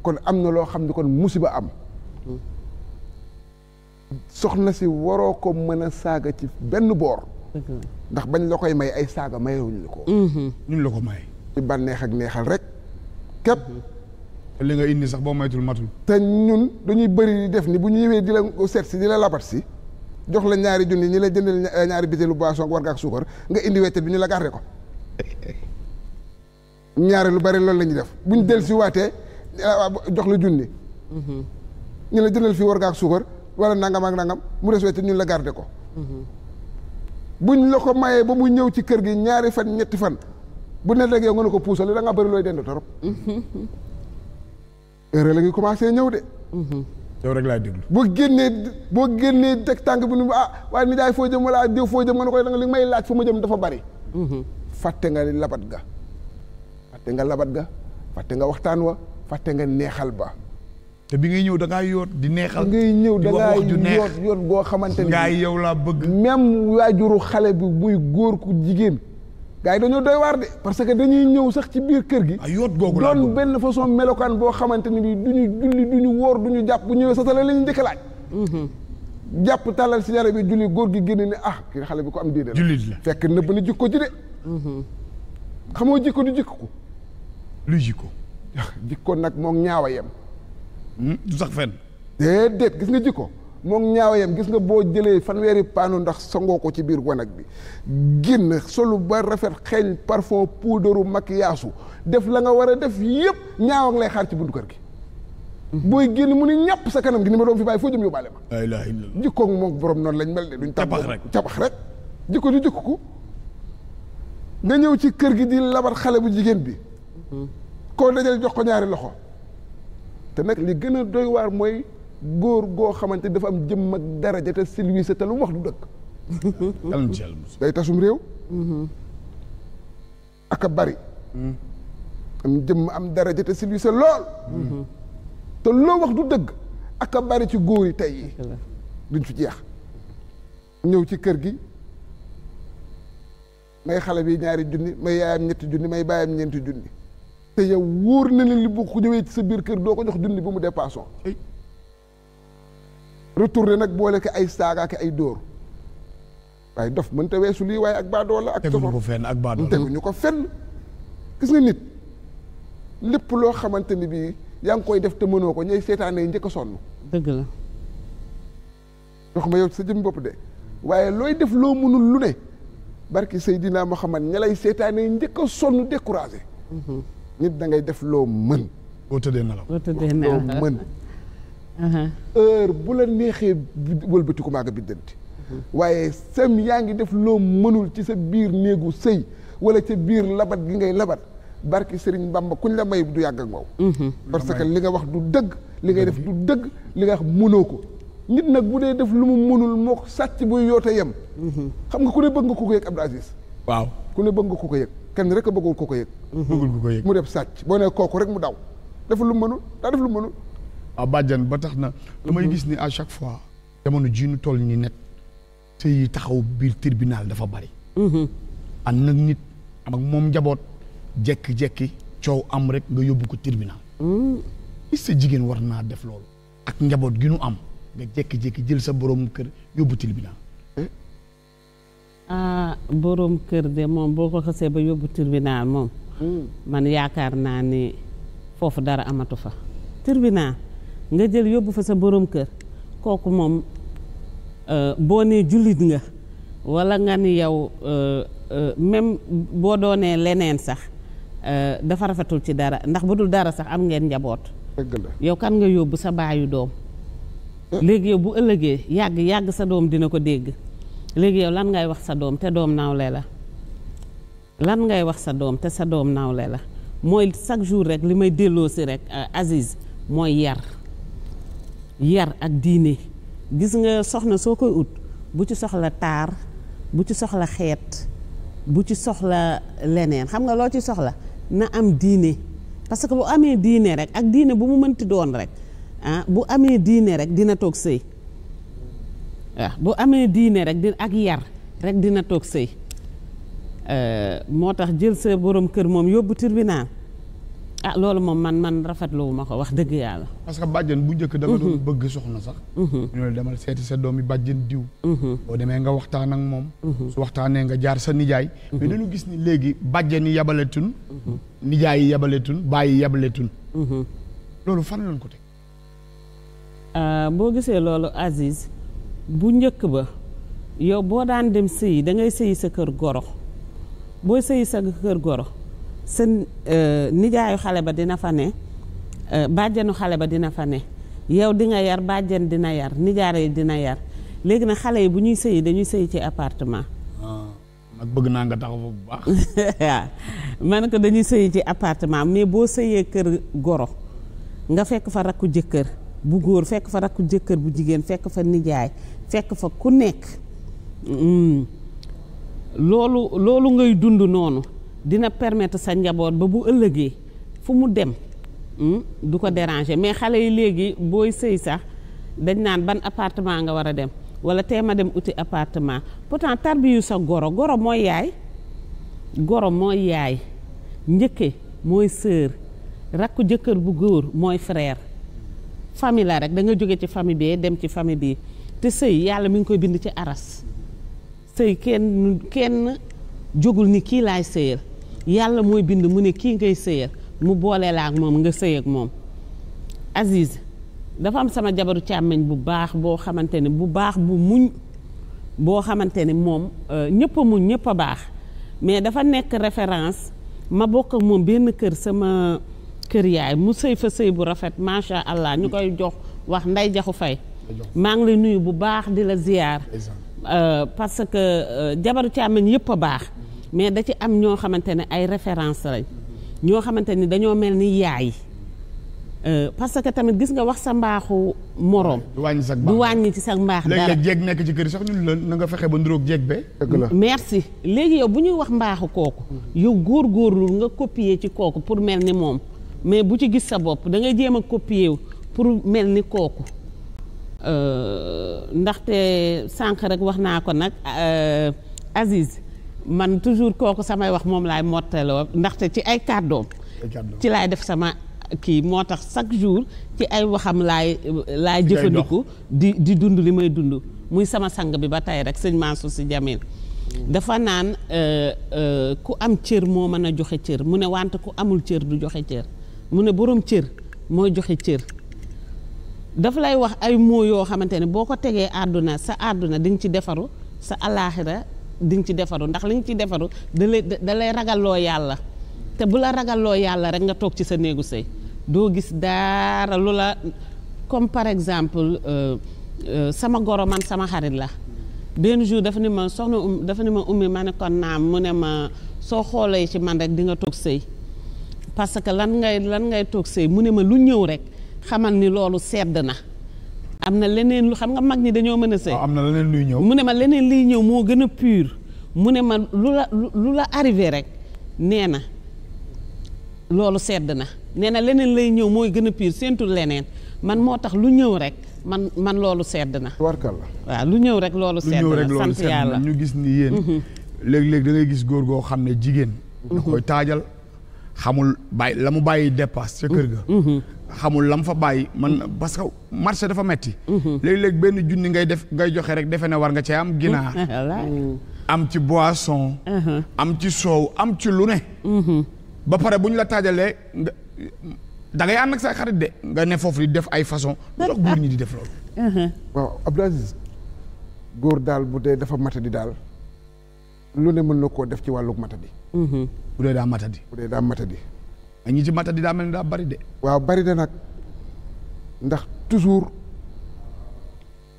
kon am na loo xam ni kon musiba am. Mhm. soxna si waroo ko mën a saaga ci benn boor. ndax bañ la koy may ay saaga mayewuñu la ko. Mhm. ñu la ko may. ci bànneex ak neexal rek képp. li nga indi sax boo maytul matul. te ñun dañuy bëri di def ni bu ñu yewee di la seet si di la labat si jox la ñaari junni ñi la jëndal eh, ñaari bitéelu lu ak warga ak suukar nga indi weccat bi ñu la garde ko ñaari lu bari loolu la ñuy def mm-hmm. eh, ah, bu ñu dellu si jox la junni. Mm-hmm. ñu la jëndal fii warga suukar wala nangam ak nangam mu des weccat ñu la garde ko. Mm-hmm. buñ la ko mayee ba mu ñëw ci kër gi ñaari fan ñetti fan bu ne rek yow nga ne ko puusale li nga bar looy dend torop heure la ngi commencé ñëw de. Mhm. yow rek laay déglu. boo génnee boo génnee teg tànk bi nu ah waaye mi daay foo jëm wala diw foo jëm nga ne ko li may laaj fu ma jëm dafa bari. Mhm. fàtte nga labat ga. fàtte nga labat ga fàtte nga waxtaan wa fàtte nga neexal ba. te bi ngay ñëw da yoot di neexal. ngay ñëw da ngaa yoot yoot goo xamante ni. yow laa bëgg. même waajuru xale bi muy góor ku jigéen. gars dañoo doy waar de parce que dañuy ñëw sax ci biir kër gi. Ah, yoot googu la doon benn façon melokaan boo xamante ni bii du ñu julli du ñu wóor du ñu jàpp bu ñëwee satala la ñuy njëkk laaj. Mhm. jàpp tàllal si ñaare bi julli góor gi génne ni ah kii xale bi ko am diine la. jullit la fekk nëbb na jikko ji de. Mhm. xamoo jikko du jikko ko. lu jikko. jikko nag moom ñaawa yem. Hmm? du sax fenn. déedéet gis nga jikko. moom yam gis nga boo jëlee fanweeri paanu ndax sangoo ko ci biir wanag bi génn solu ba rafet xeeñ parfum poudre yaasu def la nga war a def yëpp ñaaw ak lay xaar ci buntu kër gi booy génn mu ni ñàpp sa kanam gi ni ma doon fi bàyyi foo jëm yóbbaale ma la jikkoog moom borom noonu lañ mel de duñ tabax rek tabax rek jikko di jikko ko nga ñëw ci kër gi di labar xale bu jigéen bi mm-hmm. koo dajal jox ko ñaari loxo te nag li gën a doy waar mooy góor goo xamante dafa am jëmm ak daraja te silwise te lu mu wax du dëkk day tasum réew aka bari am jëmm am daraja te silwise lool te loo wax du dëgg aka bari ci góor yi tey yi duñ fi jeex ñëw ci kër gi may xale bi ñaari junni may yaayam ñetti junni may baayam ñeenti junni te yow wóor na leen li bu ko ñëwee ci sa biir kër doo ko jox junni bu mu dépassé retourné nag boole ko ay saaga ak ay dóor waaye dof mënta weesu lii waaye ak baadoo ak teguñu ko fenn ak baadoo la teguñu ko fenn. gis nga nit lépp loo xamante ni bii yaa ngi koy def te mënoo ko ñooy seetaan yi njëkk a dox ma yow sa jëm de waaye looy def loo mënul lu ne barki Seydina Muhammad ña lay seetaan yi njëkk a sonn mhm. nit dangay def loo mën. boo tëddee nelaw loo mën. Uh-huh. heure bu la neexee wëlbatiku maa nga biddanti uh-huh. waaye sem yaa ngi def loo mënul ci sa biir néegu sëy wala ca biir labat gi ngay labat barki Serigne Bamba kuñ la may du yàgg ak moom uh-huh. parce que li nga wax du dëgg li ngay def du dëgg li nga mënoo ko nit nag bu dee def lu mu mënul moo sàcc buy yoote yem xam nga ku ne bëgg nga ku ko yëg Abdou waaw ku ne bëgg nga ku ko yëg kenn rek a bëggul ko yëg bëggul ku ko yëg mu def sàcc boo nee kooku rek mu daw def lu mënul daa def lu mënul bàjjan ba tax na damay gis ni à chaque fois jamono ji ñu toll ni net sëy taxaw biir tribunal dafa bari am nag nit ak moom njaboot jekki-jekki coow am rek nga yóbbu ko tribunal is jigéen war naa def loolu ak njaboot gi nu am nga jekki jël sa borom kër yóbbu tribunal ah borom kër de moom boo ko xasee ba yóbbu tribunal moom hmm. man yaakaar naa ni foofu dara amatu fa tribunal nga jël yóbbu fa sa borom kër kooku moom euh, boo nee jullit nga walla nga ni yow euh, euh, même boo doonee leneen sax dafa rafetul ci dara ndax bu dul dara sax am ngeen njaboot. yow kan nga yóbbu sa baayu doom. Ah. léegi yow bu ëllëgee yàgg yàgg sa doom dina ko dégg léegi yow lan ngay wax sa doom te doom nawle la lan ngay wax sa doom te sa doom nawle la mooy chaque jour rek li may delloo si rek Aziz mooy yar yar ak diine gis nga soxna soo koy ut bu ci soxla taar bu ci soxla xeet bu ci soxla leneen xam nga loo ci soxla na am diine parce que bu amee diine rek ak diine bu mu mënti doon rek ah bu amee diine rek dina toog sëy waaw amee diine rek di ak yar rek dina toog sëy euh, moo tax jël sa borom kër moom yóbbu tribunal ah loolu moom man man rafetlu ma ko wax dëgg yàlla. parce que bàjjen bu njëkk da doon mhm. bëgg soxna sax. Mhm. ñu demal seeti sa doom yi bàjjen diw. Mhm. boo demee nga waxtaan ak moom. su waxtaanee nga jaar sa nijaay. mais dañu gis ni léegi bàjjen yi yabaletun. nijaay yi yabaletun baay yabaletun. loolu fan lañ ko teg. Ah, boo gisee loolu Aziz bu njëkk ba yow boo daan dem sëyi dangay ngay sëyi sa kër goro boo sëyi sa kër goro. seen euh, nijaayu xale ba dina fa ne euh, bàjjenu xale ba dina fa ne yow dinga yar bàjjen dina yar nijaare yi dina yar léegi nag xale yi bu ñuy sëyi dañuy sëyi ci appartement. Ah, nag bëgg naa nga taxaw bu baax. dañuy sëyi ci appartement mais boo sëyee kër goro nga fekk fa rakku jëkkër bu góor fekk fa rakku jëkkër bu jigéen fekk fa nijaay fekk fa ku nekk. Hmm. loolu loolu ngay dund noonu. dina permettre sa njaboot ba bu ëllëgee fu mu dem hmm, du ko déranger mais xale yi léegi booy sëy sax dañ naan ban appartement nga war a dem wala tee a dem uti appartement pourtant tarbiyu sa goro goro mooy yaay goro mooy yaay njëkke mooy sœur rakku jëkkër bu góor mooy frère famille la rek da nga jóge ci famille bee dem ci famille bii te sëy yàlla mi ngi koy bind ci aras sëy kenn kenn jógul ni kii laay sëyal yàlla mooy bind mu ne kii ngay sëyal mu boole la moom nga sëy ak moom Aziz dafa am sama jabaru càmmeñ bu baax boo xamante ne bu baax bu muñ boo xamante ne moom euh, ñëpp a muñ ñëpp a baax mais dafa nekk référence ma bokk ak moom benn kër sama kër yaay mu sëy fa sëy bu rafet macha allah ñu koy jox wax nday jaxu fay maa ngi lay nuyu bu baax di la ziyaar euh, parce que euh, jabaru càmmeñ yëpp a baax mais da ci am ñoo xamante ne ay référence lañ ñoo xamante ni dañoo mel ni yaay euh, parce que tamit gis nga wax sa mbaaxu moroom du wàññi ci sa mbaax dara léegi jeeg nekk ci kër sax ñun la na nga fexe ba nduróog jeeg be merci léegi yow bu ñuy wax mbaaxu kooku yow góorgóorlu nga copier ci kooku pour mel ni moom mais bu ci gis sa bopp da ngay jéem a copier wu pour mel ni kooku euh, ndaxte sànq rek wax naa ko nag euh, Aziz man toujours kooku samay wax moom laay mottaloo ndaxte ci ay kàddoom ci laay def sama kii moo tax chaque jour ci ay waxam laay laay jëfandiku di di dund li may dund muy sama sang bi ba tey rek sëñ Mansour si Djamil mm. dafa naan euh, euh, ku am cër moo mën a joxe cër mu ne wante ku amul cër du joxe cër mu ne boroom cër mooy joxe cër dafa lay wax ay mots yoo xamante ne boo ko tegee àdduna sa àdduna di nga ci defaru sa alaaxira di ci defaru ndax li nga ci defaru da lay ragalloo yàlla te bu la ragalloo yàlla rek nga toog ci sa néegu sëy doo gis dara lu la comme par exemple euh, euh, sama goro man sama xarit la benn jour dafa ne ma soxna um dafa ne ma ummi ma ne kon naam mu ne ma soo xoolee ci man rek di nga toog sëy parce que lan ngay lan ngay toog sëy mu ne ma lu ñëw rek xamal ni loolu sedd na am na leneen lu xam nga mag ñi dañoo mën a sëy oh, am na leneen luy ñëw mu ne ma leneen liy ñëw moo gën a pur mu ne ma lu la lu la arrivé rek nee na loolu sedd na nee na leneen lay ñëw mooy gën a pur séentul leneen man moo tax lu ñëw rek man man loolu sedd na. warkal la waaw lu ñëw rek loolu. sedd na sant la ñu gis ni yéen. Mm-hmm. léeg-léeg da ngay gis góor goo xam ne jigéen. da mm-hmm. koy taajal xamul bàyyi la mu bàyyi dépasse ca kër ga. Mm-hmm. xamul lam fa bàyyi man parce que marché dafa metti mhm. léeg-léeg benn junni ngay def ngay joxe rek defe ne war nga cee am ginaar mm. am ci boisson uh-huh. am ci soow am ci lu ne mhm. ba pare bu ñu la taajalee nga da ngay ànd ak say xarit de nga ne foofu di def ay façon dox góor ñi di def loolu uh-huh. waaw Abdou Aziz góor daal bu dee dafa matadi daal lu ne mën na koo def ci wàllug matadi mhm. bu dee daa matadi bu dee daa matadi ñi ci mata di daa mel ni daa bari de. waaw bari de nag ndax toujours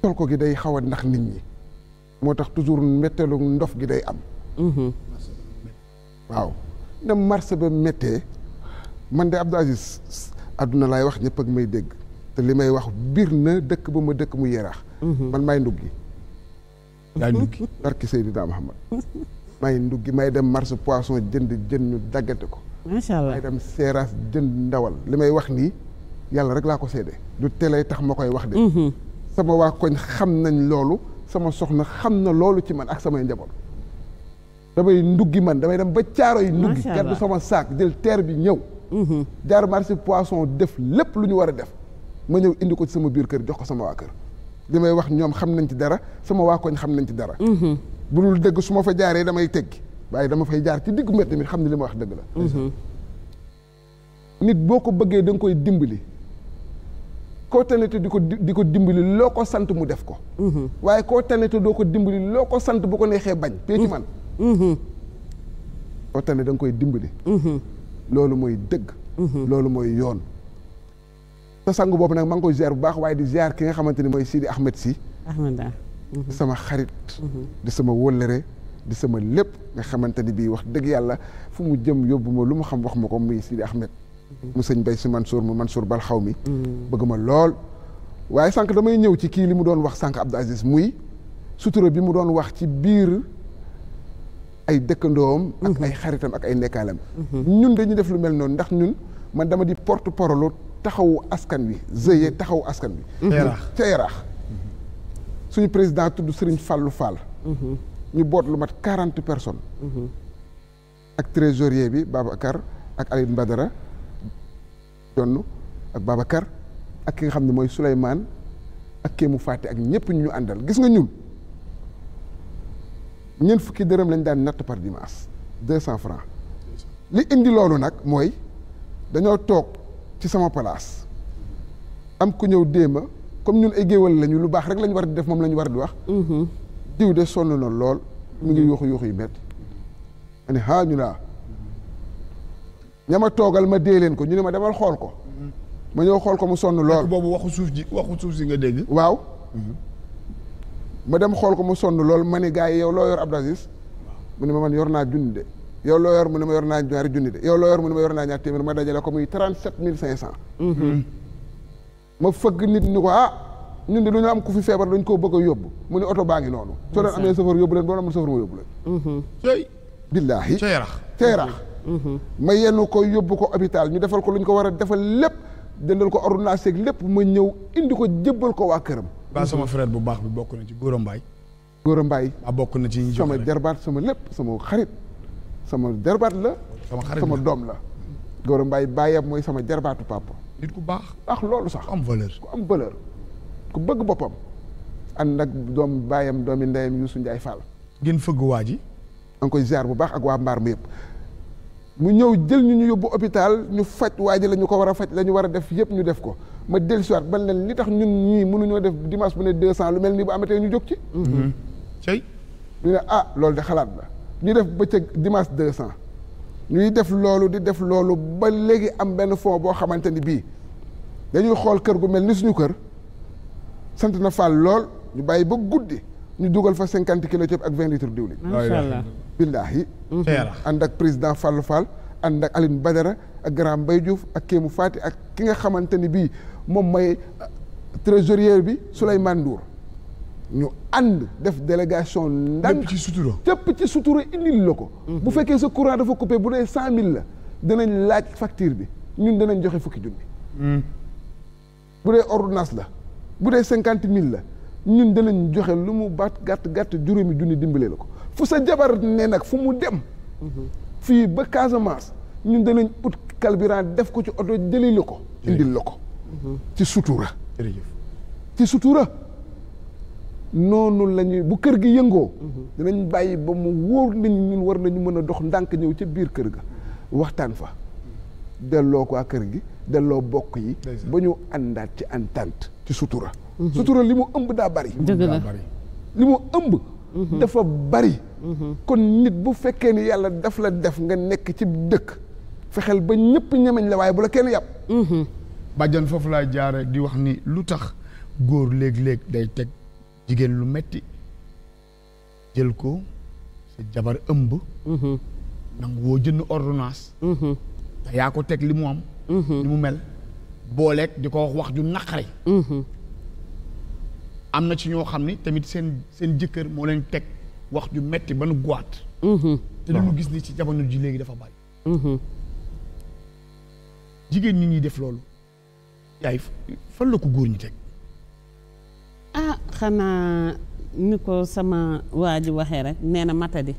tol gi day xaw a ndax nit ñi moo tax toujours méttelu ndof gi day am. Mhm. waaw na marché ba méttee man de Abdou Aziz àdduna laay wax ñëpp ak may dégg te li may wax biir na dëkk ba ma dëkk mu yeeraax. Mhm. man maay nduggi. yaay nduggi barki Seydina Muhammad maay nduggi may dem marché poisson jënd jën ñu daggante ko. macha allah itam seeraas jënd ndawal li may wax nii yàlla rek laa ko seede du télé tax ma koy wax de. Mhm. sama waa koñ xam nañ loolu sama soxna xam na loolu ci man ak samay njaboot. damay nduggi man damay dem ba caaro yi nduggi gàddu sama saak jël teer bi ñëw mhm. jaar marché poisson def lépp lu ñu war a def ma ñëw indi ko ci sama biir kër jox ko sama waa kër li may wax ñoom xam nañ ci dara sama waa koñ xam nañ ci dara mhm. bu dul dëgg su ma fa jaaree damay teggi waaye dama fay jaar ci diggu mbedd mi xam ne li ma wax dëgg la. Mm-hmm. nit boo ko bëggee da nga koy dimbali. koo tanete di ko di ko dimbali loo ko sant mu def ko. Mm-hmm. waaye koo tanete doo ko dimbali loo ko sant bu ko neexee bañ. pee ci man. Mm-hmm. koo tane da koy dimbali. loolu mooy dëgg. loolu mooy yoon. te sangu boobu nag maa ngi koy ziar bu baax waaye di ziar ki nga xamante ni mooy Sidi Ahmed si. Ahmed sama xarit. di sama wóllëre. di sama lépp nga xamante ni bii wax dëgg yàlla fu mu jëm yóbbu ma lu mu xam wax ma ko muy Sidi Ahmed mu sëñ Bay si Mansour mu Mansour bal xaw mi mm. bëgg ma lool waaye sànq damay ñëw ci kii li mu doon wax sànq Abdou Aziz muy sutura bi mu doon wax ci biir ay dëkkandoom ak mm-hmm. ay xaritam ak ay nekkaalam mm-hmm. ñun dañuy def lu mel noonu ndax ñun man dama di porte parole taxawu askan wi GIE taxawu askan wi mm-hmm. ca yaraax suñu président tudd sëriñ Fallou Fall ñu boot lu mat quarante personnes. Mhm. ak trésorier bi Babacar ak Alioune Badara jonn ak Babacar ak ki nga xam ne mooy Souleymane ak Kéemu fàtte ak ñëpp ñu ñu àndal gis nga ñun ñeent fukki dërëm lañ daan natt par dimanche deux cent francs li indi loolu nag mooy dañoo toog ci sama palaas am ku ñëw déema comme ñun ay géwal lañu lu baax rek lañu war di def moom lañu war di wax. Mhm. diw de sonn na lool mu ngi mm. yuuxu yuuxu yu metti ma ne haa ñu naa ñama toogal ma dee leen ko ñu ne ma demal xool ko ma ñëw xool ko mu sonn lool boobu waxu suuf ji waxu suuf si nga dégg waaw mm-hmm. ma dem xool ko mu sonn lool ma ne gars yi yow loo yor Abdou Aziz mu ne ma man yor naa junni de yow loo yor mu ne ma yor naa ñaari junni de yow loo yor mu ne ma yor naa ñaar téeméer ma dajale ko muy trente sept mille cinq cent mm-hmm. ma fëgg nit ni ko ah ñun lu ñu am ku fi feebar dañ koo bëgg a yóbbu mu ne oto baa ngi noonu soo leen amee safar yóbbu leen boo amul safar ma yóbbu leen mm-hmm. cey billaahi cey rax cey rax mm-hmm. ma yenn ko yóbbu ko hôpital ñu defal ko lu ñu ko war a defal lépp dëndal ko ordonnance ak lépp ma ñëw indi ko jébbal ko waa këram baa sama frère bu baax bi bokk na ci Gora Mbaye Gora Mbaye a bokk na ci sama jarbaat sama lépp sama xarit sama jarbaat la sama doom la Gora Mbaye bàyyam mooy sama jarbaatu papa nit ku baax ah loolu sax am valeur ku am valeur ku bëgg boppam ànd ak doom baayam doomi ndeyam suñ Ndiaye Fall. ngeen fëgg waa ji. da nga bu baax ak waa mbaar mu yëpp. mu ñëw jël ñu ñu yóbbu hôpital ñu faj waa lañu ko war a faj la ñu war a def yëpp ñu def ko ma dellusiwaat ba leen li tax ñun ñii mënuñoo def dimanche bu ne deux cent lu mel nii bu amatee ñu jóg ci. Mhm. cey. ñu ne ah loolu de xalaat la ñu def bëccëg dimanche deux cent ñuy def loolu di def loolu ba léegi am benn fond boo xamante ni bii dañuy xool kër gu mel ni suñu kër. sant na Fall lool ñu bàyyi ba guddi ñu dugal fa cinquante kilos ceeb ak vingt litres diwlin. macha allah billaahi mhm. ànd ak président Fallou Fall ànd ak Aline Badara ak Grand Mbaye Diouf ak Kéemu Fati ak ki nga xamante ni bii moom mooy euh, trésorier bi Souleymane Ndour ñu ànd def délégation ndànk ci sutura lépp ci sutura indil la ko mhm. bu fekkee sa courant dafa coupé bu dee cent la danañ laaj facture bi ñun danañ joxe fukki junni hmm. bu dee ordonnance la bu dee cinquante mille la ñun danañ joxe lu mu baat gàtt gàtt juróomi junni dimbalee la ko fu sa jabar ne nag fu mu dem fii ba Casamance ñun danañ ut carburant def ko ci oto jëli ko indil la ko mhm. ci sutura ci sutura noonu la bu kër gi yëngoo mhm. danañ bàyyi ba mu wóor nañ ñun war nañu mën a dox ndànk ñëw ca biir kër ga waxtaan fa delloo ko waa kër gi delloo bokk yi ba ñu àndaat ci entente ci sutura. Mhm. sutura li mu ëmb daa bari. li mu ëmb. Mhm. dafa bari. Mhm. kon nit bu fekkee ni yàlla daf la def nga nekk ci dëkk fexeel ba ñëpp ñemeñ la waaye bu la kenn yàpp. bàjjan foofu laa jaare di wax ni lu tax góor léeg-léeg day teg jigéen lu metti jël ko sa jabar ëmb. nangu woo jënd ordonnance. yaa ko teg li mu am. li mu mel. booleek di ko wax wax ju naqari. Mm-hmm. am na ci ñoo xam ni tamit seen seen jëkkër moo leen teg wax ju metti ba nu guwaat. Mm-hmm. te li gis nii ci jamono ji léegi dafa bari. Mm-hmm. jigéen ñi ñuy def loolu. yaay fan la ko góor ñi teg. ah xanaa ni ko sama waa ji waxee rek nee na matadi.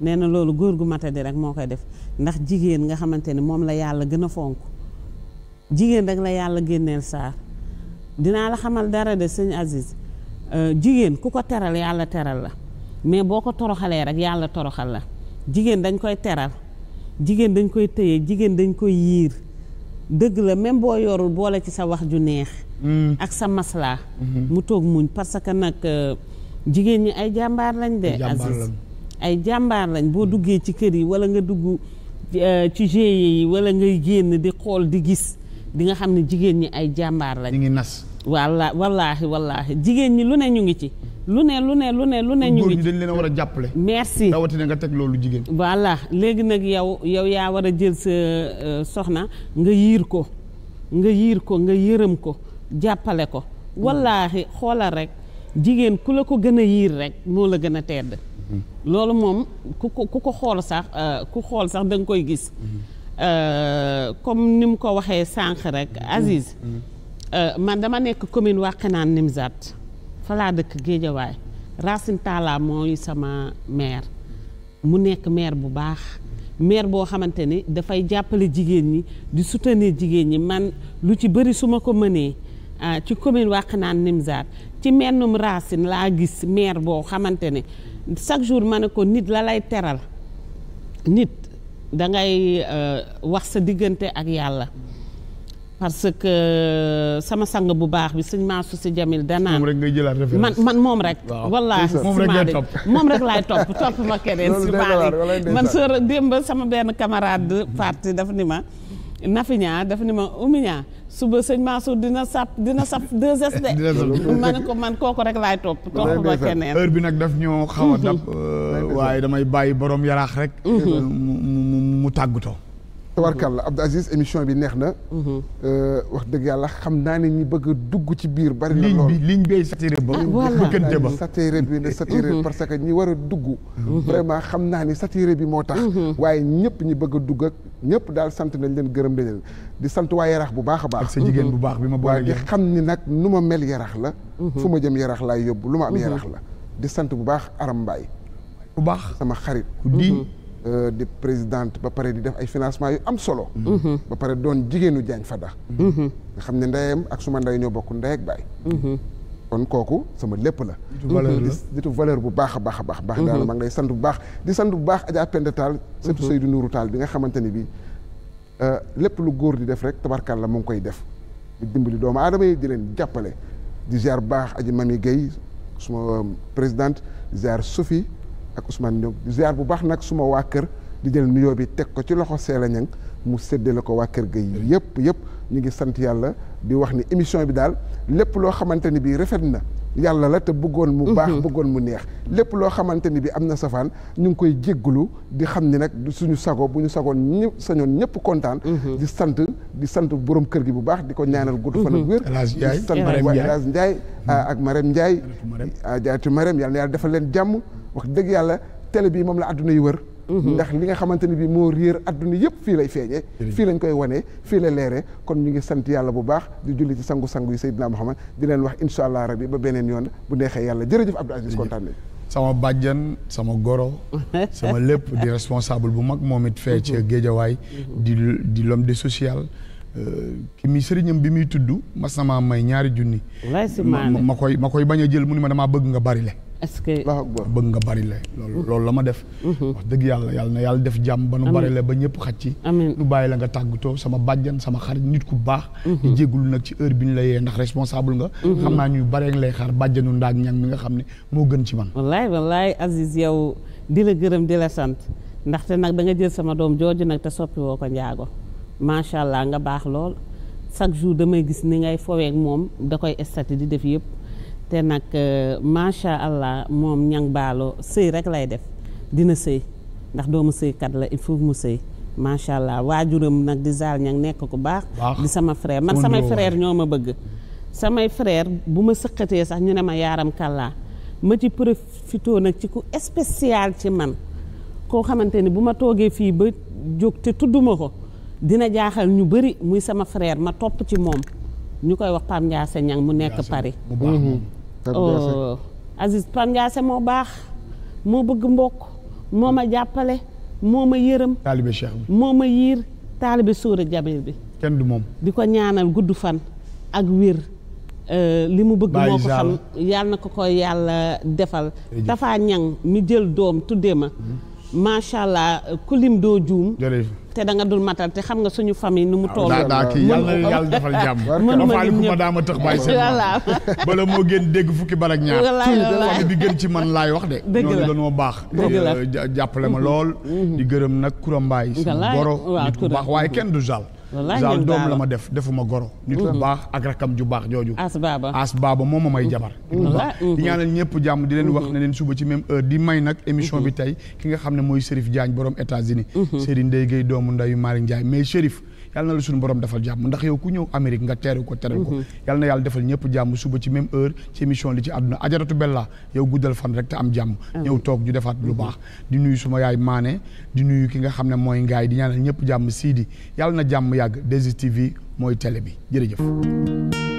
nee na loolu góor gu matadi rek moo koy def ndax jigéen nga xamante ne moom la yàlla gën a fonk. jigéen rek la yàlla génneel saa dinaa la xamal dara de sëñ Aziz euh, jigéen ku ko teral yàlla teral la mais boo ko toroxalee rek yàlla toroxal la jigéen dañ koy teral jigéen dañ koy tëye jigéen dañ koy yiir dëgg la même boo yorul boole ci sa wax ju neex mm. ak sa maslaa mm-hmm. mu toog muñ parce que nag euh, jigéen ñi ay jàmbaar lañ de Aziz ay jàmbaar lañ boo duggee ci kër yi wala nga dugg euh, ci GIE yi wala ngay génn di xool di gis di nga xam ne jigéen ñi ay jàmbaar lañ. ñu ngi nas. walla wallaahi wallaahi jigéen ñi lu ne ñu ngi ci. lu ne lu ne lu ne lu ne ñu ngi ci dañ leen a war a jàppale. merci rawatina nga teg loolu jigéen. voilà léegi nag yow yow yaa war a jël sa euh, soxna nga yiir ko nga yiir ko nga yërëm ko jàppale ko. wallaahi xoolal rek jigéen ku la ko gën a yiir rek moo la gën a tedd. Mm-hmm. loolu moom ku ko ku ko xool sax euh, ku xool sax da nga koy gis. Mm-hmm. Euh, comme ni mu ko waxee sànq rek mm-hmm. Aziz mm-hmm. Euh, man dama nekk commune Wakhinane Nimzatt fa laa dëkk Géejawaay Racine Talla mooy sama maire mu nekk maire bu baax maire boo xamante ni dafay jàppale jigéen ñi di sutanee jigéen ñi man lu ci bëri su ma ko mënee euh, ci commune Wakhinane Nimzatt ci mennum Racine laa gis maire boo xamante ni chaque jour ma ne ko nit la lay teral nit da ngay euh, wax sa diggante ak yàlla parce que euh, sama sang bu baax bi sëñ Mansour Sy Djamil danaan moom rek ngay jëlaat man man moom rek. wallaahi moom rek laay topp topp ma keneen. si man soo démb sama benn camarade parti dafa ni ma. Nafiña dafa ne ma umiña suba sëñ Mansour dina sap dina sap 2S de. ma ko man kooku rek laay topp. topp ba keneen heure bi nag daf ñoo xaw a dab. Euh, waaye damay bàyyi boroom yaraax rek. Mhm. mu mu mu tàggatoo. la Abdou Aziz émission bi neex na. Mhm. Euh, wax dëgg yàlla xam naa ne ñi bëgg dugg ci biir bari na lool ligne bi ligne bee saturé ba. bëggante ah, ba saturé bi ne saturé mhm. parce que ñi war a dugg. Mhm. vraiment xam naa ne saturé bi moo tax. waaye ñëpp ñi bëgg a dugg ak ñëpp daal sant nañ leen gërëm nañ leen di sant waa Yarax bu baax a baax. ak sa jigéen bu baax bi ma boole leen xam ni nag nu ma mel Yarax la. fu ma jëm Yarax laay yóbbu lu ma am Yarax la. di sant bu baax Aram Mbaye. bu Euh, di présidente ba pare di def ay financement yu am solo. Mhm. Mhm. ba pare doon jigéenu Diagne Fada. Mhm. nga xam ne ndeyam ak suma ndey ñoo bokk ndey ak baay. kon kooku sama lépp la. nitu valeur bu baax a baax a baax. baax daal maa ngi sant bu baax di sant bu baax Adja Penda Tall. surtout Seydou Nourou Tall bi nga xamante ni bii euh, lépp lu góor di def rek tabarkal la mu ngi koy def. di dimbali doomu aadama yi di leen jàppale di ziar bu baax aji Mami Guèye suma euh, présidente ziar Sophie. ak Ousmane Diop ziar bu baax nag suma waa kër di jël nuyoo bi teg ko ci loxo seela Niang mu séddale ko waa kër gay yëpp yëpp ñu ngi sant yàlla di wax ni émission bi daal lépp loo xamante ni bii rafet na yàlla la te bëggoon mu baax mhm. bëggoon mu neex lépp loo xamante ni bi am na safaan ñu ngi koy jéggulu di xam ni nag suñu sago bu ñu sagoon ñëpp sañoon ñëpp kontaan mhm. di sant di sant borom kër gi bu baax di ko ñaanal gudd fan ak mhm. wér di sant waa El Hadj Ndiaye ah, ak Marème Ndiaye jaatu ah, Marème yàlla na yàlla defal leen jàmm wax dëgg yàlla tele bii moom la àdduna yi wër mhm. ndax li nga xamante ni bi moo réer adduna yëpp fii lay feeñee fii lañ koy wanee fii la leeree kon ñu ngi sant yàlla bu baax di julli ci sangu-sangu yi Seydina Muhammad di leen wax incha allah rabbi ba beneen yoon bu neexee yàlla jërëjëf Abdou Aziz kontaan nañ sama bàjjan sama goro sama lépp di responsable bu mag moom it fee ci mhm. géejawaay mhm. di di l'homme de social euh, mi sëriñam bi muy tudd ma na may ñaari junni ma koy ma koy bañ a jël mu ni ma damaa bëgg nga bari est-ce que bëgg nga bari le lool loolu la ma def mhm. wax dëgg yàlla yàlla na yàlla def jàmm ba nu bari le ba ñëpp xaj ci nu bàyyi la nga tàggatoo sama bàjjan sama xarit nit ku baax di mhm. jéggulu nag ci heure bi ñu la yee ndax responsable nga mhm. xam naa ñuy bare lay xaar bàjjanu ndaag ñang mi nga xam ne moo gën ci man wallaay wallaay Aziz yow di la gërëm di la sant ndaxte nag da jël sama doom jooju nag te soppi woo ko njaago macha allah nga baax lool chaque jour damay gis ni ngay fowee ak moom da koy estati di def yëpp te nag euh, macha allah moom ñang baalo sëy rek lay def dina sëy ndax doomu sëykat la il faut mu sëy macha allah waajuram nag di zaal ñang nekk ku baax di sama frère man samay frère ñoo ma bëgg samay frère bu ma sëqatee sax ñu ne ma yaaram kàllaa ma ci profitoo nag ci ku spécial ci man koo xamante ni bu ma toogee fii ba jóg te tudduma ko dina jaaxal ñu bëri muy sama frère ma topp ci moom ñu koy wax Pam Ndiasse mu nekk pari Oh. Aziz Pape moo baax moo bëgg mbokk moo ma jàppale moo ma yërëm moo ma yiir taalibe Sóora Jamil bi kenn du moom di ko ñaanal gudd fan ak wér euh, li mu bëgg moo ko xam yàlla na ko koy yàlla defal dafa ñaŋ mi jël doom tuddee ma mhm. macha allah ku lim doo juum te da nga dul matal te xam nga suñu famille nu mu toll. waaw daa kii yàlla na yàlla defal jàmm. mënu ma lim ñëpp daama tëx bàyyi seen bala moo gën dégg fukki barak ñaar. wallaay bi gën ci man laay wax de. dëgg la ñooñu baax. jàppale ma lool. Mhm. di gërëm nag kurambaay. wallaay waaw boro baax waaye kenn du jàll. genre doom la ma def defuma goro nit ku baax ak rakam ju baax jooju as baaba as baaba moom ma may jabar di ñaanal ñëpp jàmm di leen wax ne leen suba ci même di may nag émission bi tey ki nga xam ne mooy Chérif Diagne borom États-Unis Serigne Ndeye Gueye doomu Ndayu Mari Ndiaye mais Chérif yàlla na la suñu borom defal jàmm ndax yow ku ñëw Amérique nga teeru ko teral ko mhm. yàlla na yàlla defal ñëpp jàmm suba ci même heure ci émission li ci àdduna ajaratu bella yow guddal fan rek te am jàmm ñëw toog ñu defaat lu baax di nuyu suma yaay maane di nuyu ki nga xam ne mooy ngaay di ñaanal ñëpp jàmm siidi yàlla na jàmm yàgg 2STV mooy télé bi jërëjëf